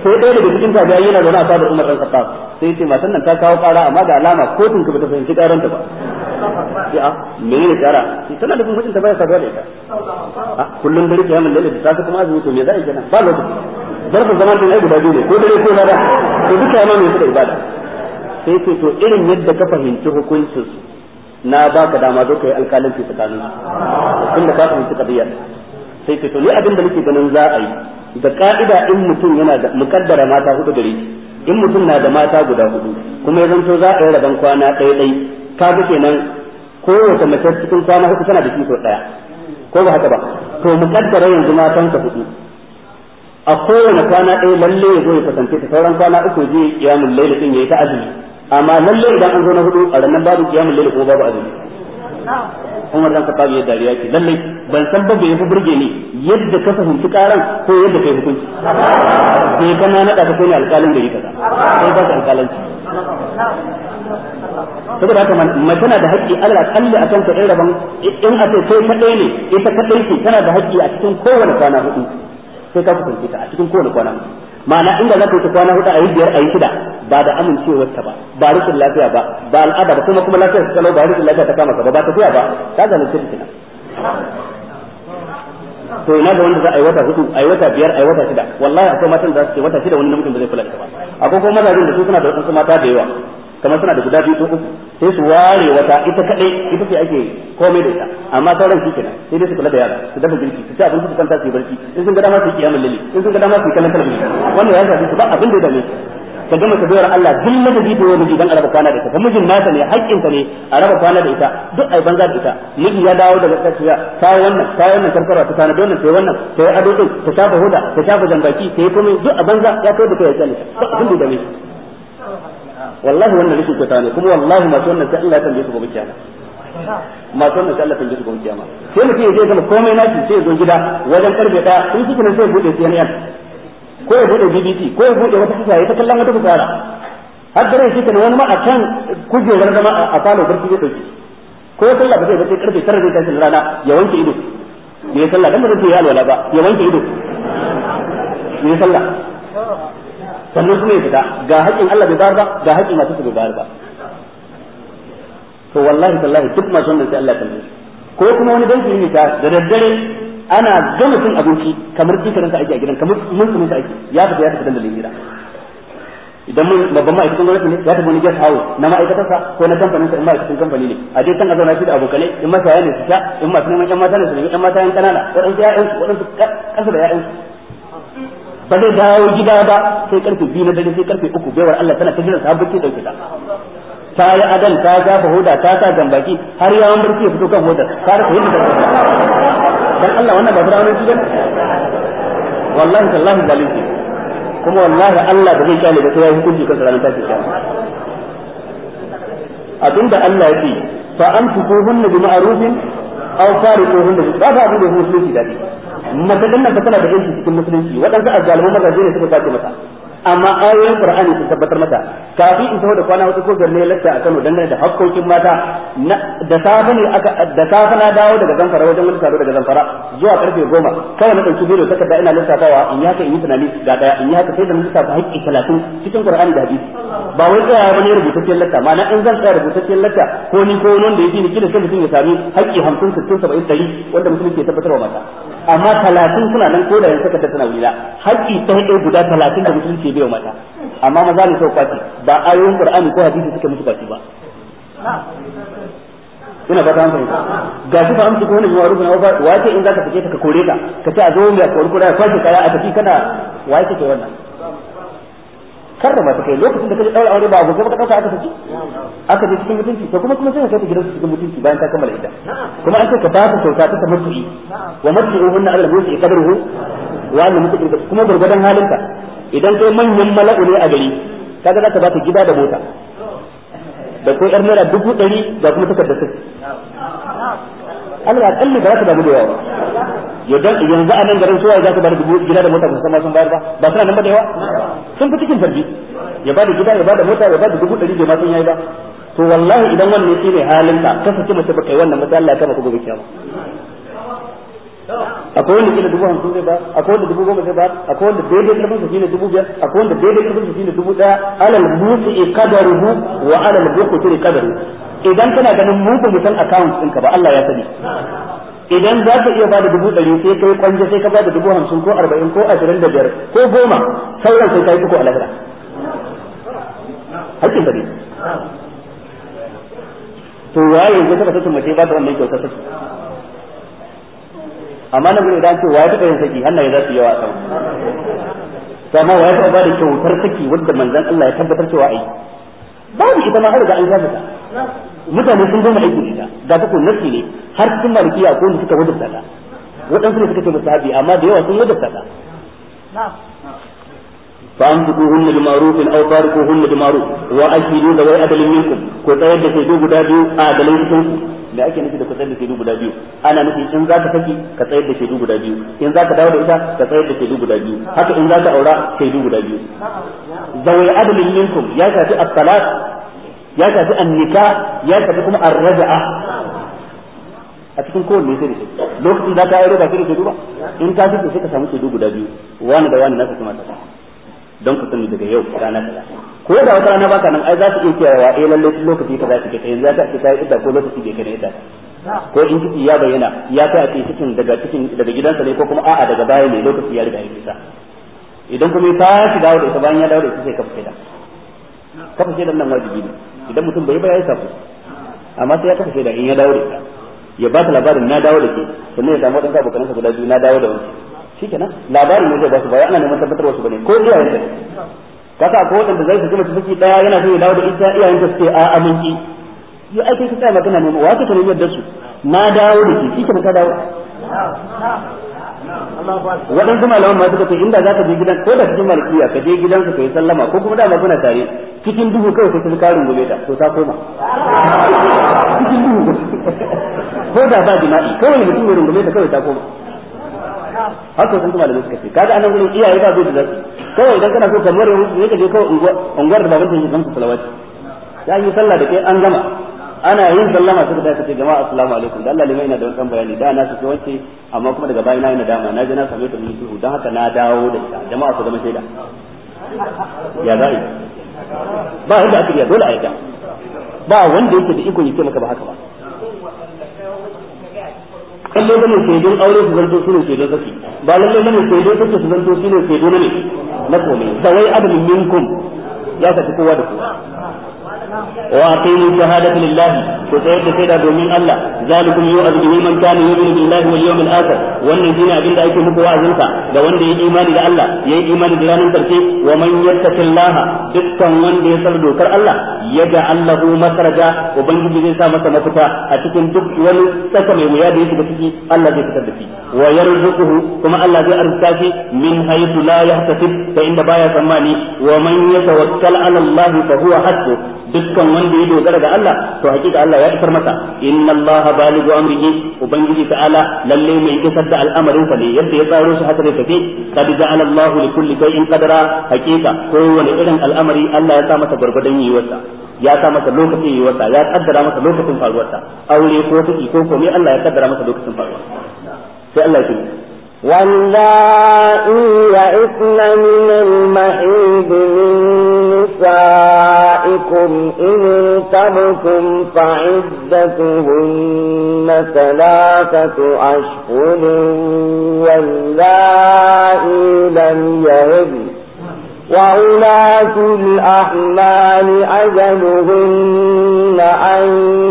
sai ɗaya daga cikin tabi'ai yana zaune a sabar Umar dan Khattab sai ce matan nan ta kawo ƙara amma da alama kotun ka bata fahimci ta ba sai a ah, menene ƙara tana da mutunta baya sabuwa da ita a ah, kullum dare kiyama lalle da safe kuma azumi to me za a yi kenan ba lokaci zarfin zaman din ai guda biyu ne ko dare ko rana to duka yamma mai suka ibada sai ce to irin yadda ka fahimci hukuncin su na baka dama zo ka yi fi tsakanin tun da ka fahimci kadiyar sai ce to ni abin da nake ganin za a yi da ka'ida in mutum yana da mukaddara mata hudu gare shi in mutum na da mata guda hudu kuma ya zanto za a yi rabon kwana ɗaya ɗai ka ga kenan kowace mace cikin kwana hudu tana da shi sau ɗaya ko ba haka ba to mukaddara yanzu matansa hudu a kowane kwana ɗaya lalle ya zo ya kasance ta sauran kwana uku je kiyamun laila din yayi ta azumi amma lalle idan an zo na hudu a ranar babu kiyamun laila ko babu azumi Umar dan Khattab ya dariya ki lalle ban san ba bai burge ni yadda ka fahimci karan ko yadda kai hukunci sai kana na da kai alƙalin da yake ka sai ba ka alƙalanci saboda haka mai na da haƙƙi Allah kalli akan ka ɗaya rabon in a ce kai kaɗai ne ita kaɗai ce tana da haƙƙi a cikin kowane kwana hudu sai ka kusanci ta a cikin kowane kwana hudu ma'ana inda za ka wuce kwana hudu a yi biyar a yi shida ba da amincewar ta ba ba rikin lafiya ba ba al'ada ba kuma kuma lafiyar ta ba rikin lafiya ta kama ba ba ta tafiya ba ta zalunce ta kina to ina ga wanda za a yi wata hudu a yi wata biyar a yi wata shida wallahi akwai matan da za su ce wata shida wani namijin ba zai kula da ta ba akwai kuma mazajen da su suna da wasu mata da yawa kamar suna da guda biyu ko uku sai su ware wata ita kadai ita ce ake komai da ita amma sauran su kenan sai dai su kula da yara su dafa girki su ci abinci su kanta su yi barci in sun ga dama su yi kiyamul lalle in sun ga dama su yi kallon talabijin wannan ya shafi su ba abin da ya dame ka gama ka biyar Allah duk na gaji da wani dan araba kwana da ita kuma mijin nasa ne haƙƙin ta ne a raba kwana da ita duk ai banza da ita miji ya dawo daga kasuwa ta wannan ta wannan karkara ta tana donan sai wannan sai ado din ta shafa huda ta shafa jambaki sai komai duk a banza ya kai da kai ya tsale ba abin da ya dame wallahi wannan rashin kyauta ne kuma wallahi masu wannan sai Allah ya tambaye su gobe kiyama masu wannan sai Allah tambaye su gobe kiyama sai mutum ya je gama komai nashi sai ya zo gida wajen karfe da in cikin sai ya bude CNN ko ya bude BBC ko ya bude wata kisa ya ta kallon wata kusara har dare shi kana wani ma a kan kujerar zama a falo barci zai dauke ko ya sallah ba zai bace karfe 9 zai tashi rana ya wanke ido ya sallah dan ba zai yi alwala ba ya wanke ido ya sallah sannan kuma ya fita ga haƙƙin Allah bai bayar ba ga haƙƙin masu bai bayar ba to wallahi tallahi duk masu wannan sai Allah kalle ko kuma wani danki ne ta da daddare ana gama cin abinci kamar jikarin sa ake a gidan kamar mun kuma sa ake ya fita ya fita dandalin gida idan mun babban ma'aikatan gwamnati ne ya tafi wani guest house na ma'aikatarsa ko na kamfanin sa in ma'aikatan kamfani ne a je kan a zauna shi da abokanai in masaya ne su sha in masu neman yan mata ne su nemi yan mata yan kanana waɗansu ya'yansu waɗansu ƙasa da ya'yansu ba zai dawo gida ba sai karfe biyu na dare sai karfe uku baiwar Allah tana ta jiran sa bacci dauke ta ta yi adal ta ga hoda ta sa gambaki har yawan barci ya fito kan hodar ta rasa yadda ta dan Allah wannan ba fara wani gidan wallahi tallahi zalimi kuma wallahi Allah ba zai kyale ba sai ya hukunci kan ranar tashi kyale abinda Allah ya ce fa an tukuhunna bi ma'rufin aw fariquhunna bi ba abin da musulunci dadi mace nan tana da yanci cikin musulunci waɗansu azzaliman mazaje ne suka kwace mata amma ayoyin qur'ani sun tabbatar mata kafin in taho da kwana wata ko garne lacca a Kano dangane da hakkokin mata da safe ne aka da safe na dawo daga Zamfara wajen wani taro daga Zamfara zuwa karfe goma kawai na dauki bidiyo takarda ina lissafawa in yi haka in yi tunani ga daya in yi haka sai da mun lissafa haƙƙi talatin cikin qur'ani da hadisi ba wai tsaya bane rubutacciyar lacca ma'ana in zan tsaya rubutaccen lacca ko ni ko wani wanda ya fi ni kila sai mutum ya sami haƙƙi hamsin sittin saba'in ɗari wanda mutum ke tabbatarwa mata amma talatin suna nan ko da yanzu suna tana wila haƙƙi ta haƙƙi guda talatin da musulunci bai mata amma maza ne sau kwaki. ba ayoyin qur'ani ko hadisi suka musu kwaci ba ina ba ta hankali ga shi ba amsa ko wani wa rubuna wa wace in za ka fice ka kore ka ka ce a zo mai ya kori kura ya kwashe kaya a tafi kana waye ke wannan karrama ta kai lokacin da kaje daura aure ba gobe ka kasa aka saki aka je cikin mutunci to kuma kuma sai ka kai gidansu cikin mutunci bayan ta kammala ita kuma an ce ka ba ta kyauta ta tamattu'i wa hunna ala al-busi qadruhu wa an mutu kuma gurgurdan halinka idan kai manyan mala'u ne a gari kaga za ka ba ta gida da mota da ko yar naira dubu ɗari ga kuma takardar sai Allah ya kalli ba za ka damu da yawa yanzu a nan garin suwa za su bada dubu gida da mota musamman sun bayar ba ba suna nan ba da yawa sun fi cikin tarbi ya bada gida ya bada mota ya bada dubu ɗari da ma sun yayi ba to wallahi idan wannan ne halin ka kasance mace baka yi wannan mace Allah ya kama ku gobe kiyama akwai wanda kila dubu hamsin zai ba akwai wanda dubu goma zai ba akwai wanda daidai karfin su shine dubu biyar akwai wanda daidai karfin su shine dubu ɗaya alal musi qadaruhu wa alal buqti qadaruhu idan kana ganin mugun mutum mu san account ɗinka ba Allah ya sani idan za ka iya bada dubu ɗari sai kai kwanje sai ka bada dubu hamsin ko arba'in ko ashirin da biyar ko goma sauran sai ka yi uku a lahira hakkin ka ne to waye yanzu ka sakin mace ba ta wannan kyauta saki amma na gudu idan ce waye ta yin saki hannaye za su yawa a sama to amma waye ta bada kyautar saki wadda manzan Allah ya tabbatar cewa ai babu ita ma har da an zaba mutane sun goma aiki ita ga ta kun nafi ne har cikin malikiya ko ne suka wajen ta waɗansu ne suka ce musahabi amma da yawa sun wadda hunna فأمسكوهن بمعروف أو فارقوهن بمعروف وأشهدوا ذوي عدل منكم كتير da wai adalin ko tsayar da shaidu guda biyu a adalai cikin da ake nufi da tsayar da shaidu guda biyu ana nufi in za ka saki ka tsayar da shaidu guda biyu in za ka dawo da ita ka tsayar da shaidu guda biyu haka in za ka aura shaidu guda biyu zawai adalin minkum ya shafi as-salat ya shafi annika ya shafi kuma arraja'a a cikin kowanne sai da shi lokacin da ka aure ba kire shaidu duba in ka fito sai ka samu shaidu guda biyu wani da wani na ka kuma ta don ku sani daga yau rana kaza ko da wata rana baka nan ai za su iya cewa eh lalle lokaci za su kai yanzu ka kai idda ko lokaci bai kai idda ko in kiki ya bayyana ya kai a cikin daga cikin daga gidansa ne ko kuma a'a daga baya ne lokaci ya riga ya kisa idan kuma ya tashi dawo da ita bayan ya dawo da ita sai ka fita kafa shedan nan wajibi ne idan mutum bai bayar ya safu amma sai ya kafa shaida in ya dawo da ita ya ba ta labarin na dawo da ke sannan ya samu wadansu abokan sa guda biyu na dawo da wani shikenan labarin ne zai ba su ba ana neman tabbatar su bane ko iyayen ta kaka ko wadanda zai su kuma su fiki daya yana so ya dawo da ita iyayen ta suke a aminci ya aiki ta tsaya magana ne wa ta kana yadda su na dawo da ke shikenan ka dawo waɗansu malaman ma suka ce inda za ka je gidan ko da cikin malkiya ka je gidansa ka yi sallama ko kuma dama kuna tare cikin duhu kawai ko ta karin gobe ta to ta koma cikin duhu ko da ba jima'i kawai mutum ya rungume ta kawai ta koma haka sun kuma da suka ce kaga anan gurin iyaye ba zai da zasu kawai idan kana so kamar ne ka je kawai unguwar da baban ta yi gamsu salawati ya yi sallah da kai an gama ana yin sallama suka ta ce jama'a assalamu alaikum da Allah limai ina da wani bayani da na sace wacce amma kuma daga baya na yi nadama na je na same ta mun duhu don haka na dawo da ita jama'a su zama shaida ya za'i ba wanda aka iya dole a yadda ba wanda yake da ikon yake maka ba haka ba kallon bane shaidun aure su zanto su ne shaidun zaki ba lalle bane shaidun saki su zanto su ne shaidu na ne na komai da wai adamin minkum ya tafi kowa da kowa واقيموا الشهاده لله وسيد سيدا دومين الله ذلكم يوعظ به من كان يؤمن بالله واليوم الاخر wannan shine abin da ake muku wa'azinsa da wanda ya yi imani da Allah yi imani da ranar karshe wa man yattaqillaha dukkan wanda ya tsara dokar Allah ya ga Allahu makaraja ubangiji zai sa masa mafita a cikin duk wani tsaka mai wuya da ya shiga ciki Allah zai fitar da shi wa yarzuquhu kuma Allah zai arzuta shi min haythu la yahtasib ta inda baya tsammani wa man yatawakkal ala Allah fa huwa hasbuh dukkan wanda ya dogara ga Allah to hakika Allah ya isar masa inna Allah baligu amrihi ubangiji ta'ala lalle mai kisar da al'amarin fa ne yadda ya tsaro shi haka ne tafi kad ja'ala Allah li kulli shay'in qadara hakika kowane irin al'amari Allah ya sa masa gurgudan wasa ya sa masa lokacin wasa ya kaddara masa lokacin faruwarsa aure ko fiki ko komai Allah ya kaddara masa lokacin faruwarsa sai Allah ya واللائي يئسن من المحيض من نسائه عليكم إن تبتم فعدتهن ثلاثة أشهر واللائي لم يهد وأولاة الأحمال أجلهن أن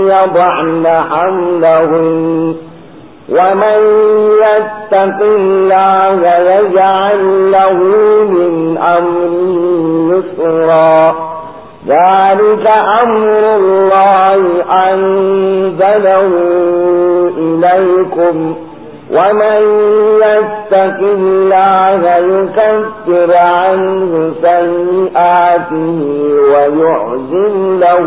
يضعن حملهن ومن يتق الله يجعل له من أمره ذلك أمر الله أنزله إليكم ومن يتق الله يكفر عنه سيئاته ويعزل له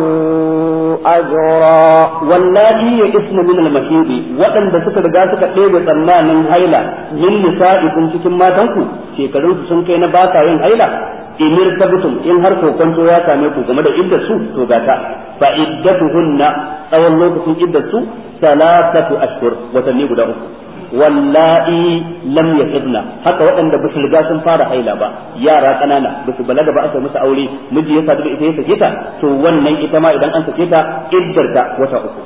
أجرا والله هي اسم من المحيض وأن بسك رجاسك قيد صنان هيلا من نسائكم سكما تنكو في كدوس سنكين باتا هيلا in irtabtum in har kokonto ya same ku game da iddar su to gata ta fa iddatuhunna tsawon lokacin iddar su salasatu ashhur watanni guda uku wallahi lam yahidna haka waɗanda ba riga sun fara haila ba yara ƙanana ba su balaga ba aka musu aure miji ya sadu ita ya sake ta to wannan ita ma idan an sake ta iddar ta wata uku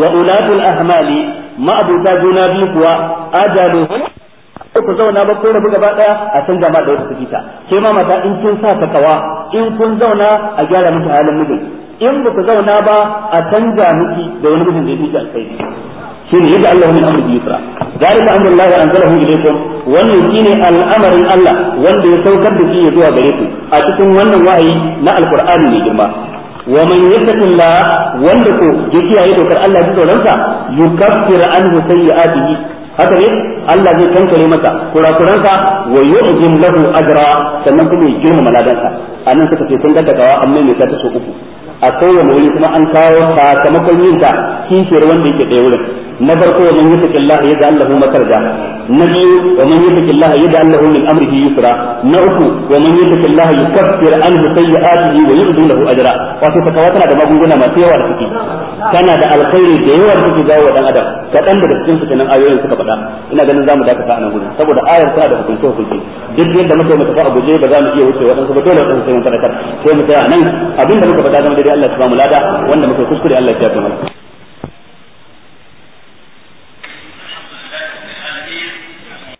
wa ulatul ahmali ma abuta juna biyu kuwa ajaluhum sai ku zauna ba ko rabu gaba daya a canza ma da wata kuɗi ta ke ma mata in kin sa kawa in kun zauna a gyara miki halin mijin in ba ku zauna ba a canza miki da wani mijin da ya fi alkhairi shine yadda Allah min amri yusra zalika amru anzalahu ilaykum wannan shine al'amarin Allah wanda ya saukar da shi zuwa gare ku a cikin wannan wahayi na alqur'ani ne girma wa man yattaqillah wanda ko ya kiyaye dokar Allah da tsoronsa yukaffiru anhu sayyi'atihi haka ne Allah zai kankare masa kurakuransa wa yu'zim lahu ajra sannan kuma ya girmama ladansa anan suka ce sun gaddakawa amma mai ta so uku a kowane wuri kuma an kawo sakamakon yin ta kishiyar wanda yake ɗaya wurin na farko wa man yutaki Allah yadda allahu lahu makarja na biyu wa man yutaki Allah yadda allahu min min amrihi yusra na uku wa man yutaki Allah yukaffir anhu sayyi'atihi wa yu'ti lahu ajra wato takawa tana da magunguna masu yawa da suke tana da alkhairi da yawa da suke jawo wa dan adam kadan daga cikin su kenan ayoyin suka faɗa ina ganin zamu dakata a nan gudu saboda ayar ta da hukunci hukunci duk yadda muke mu tafi a guje ba za mu iya wuce wadansu ba dole wadansu sai mun sai mu tsaya nan abinda muka faɗa zama daidai Allah ya ba mu lada wanda muka kuskure Allah ya tafi mana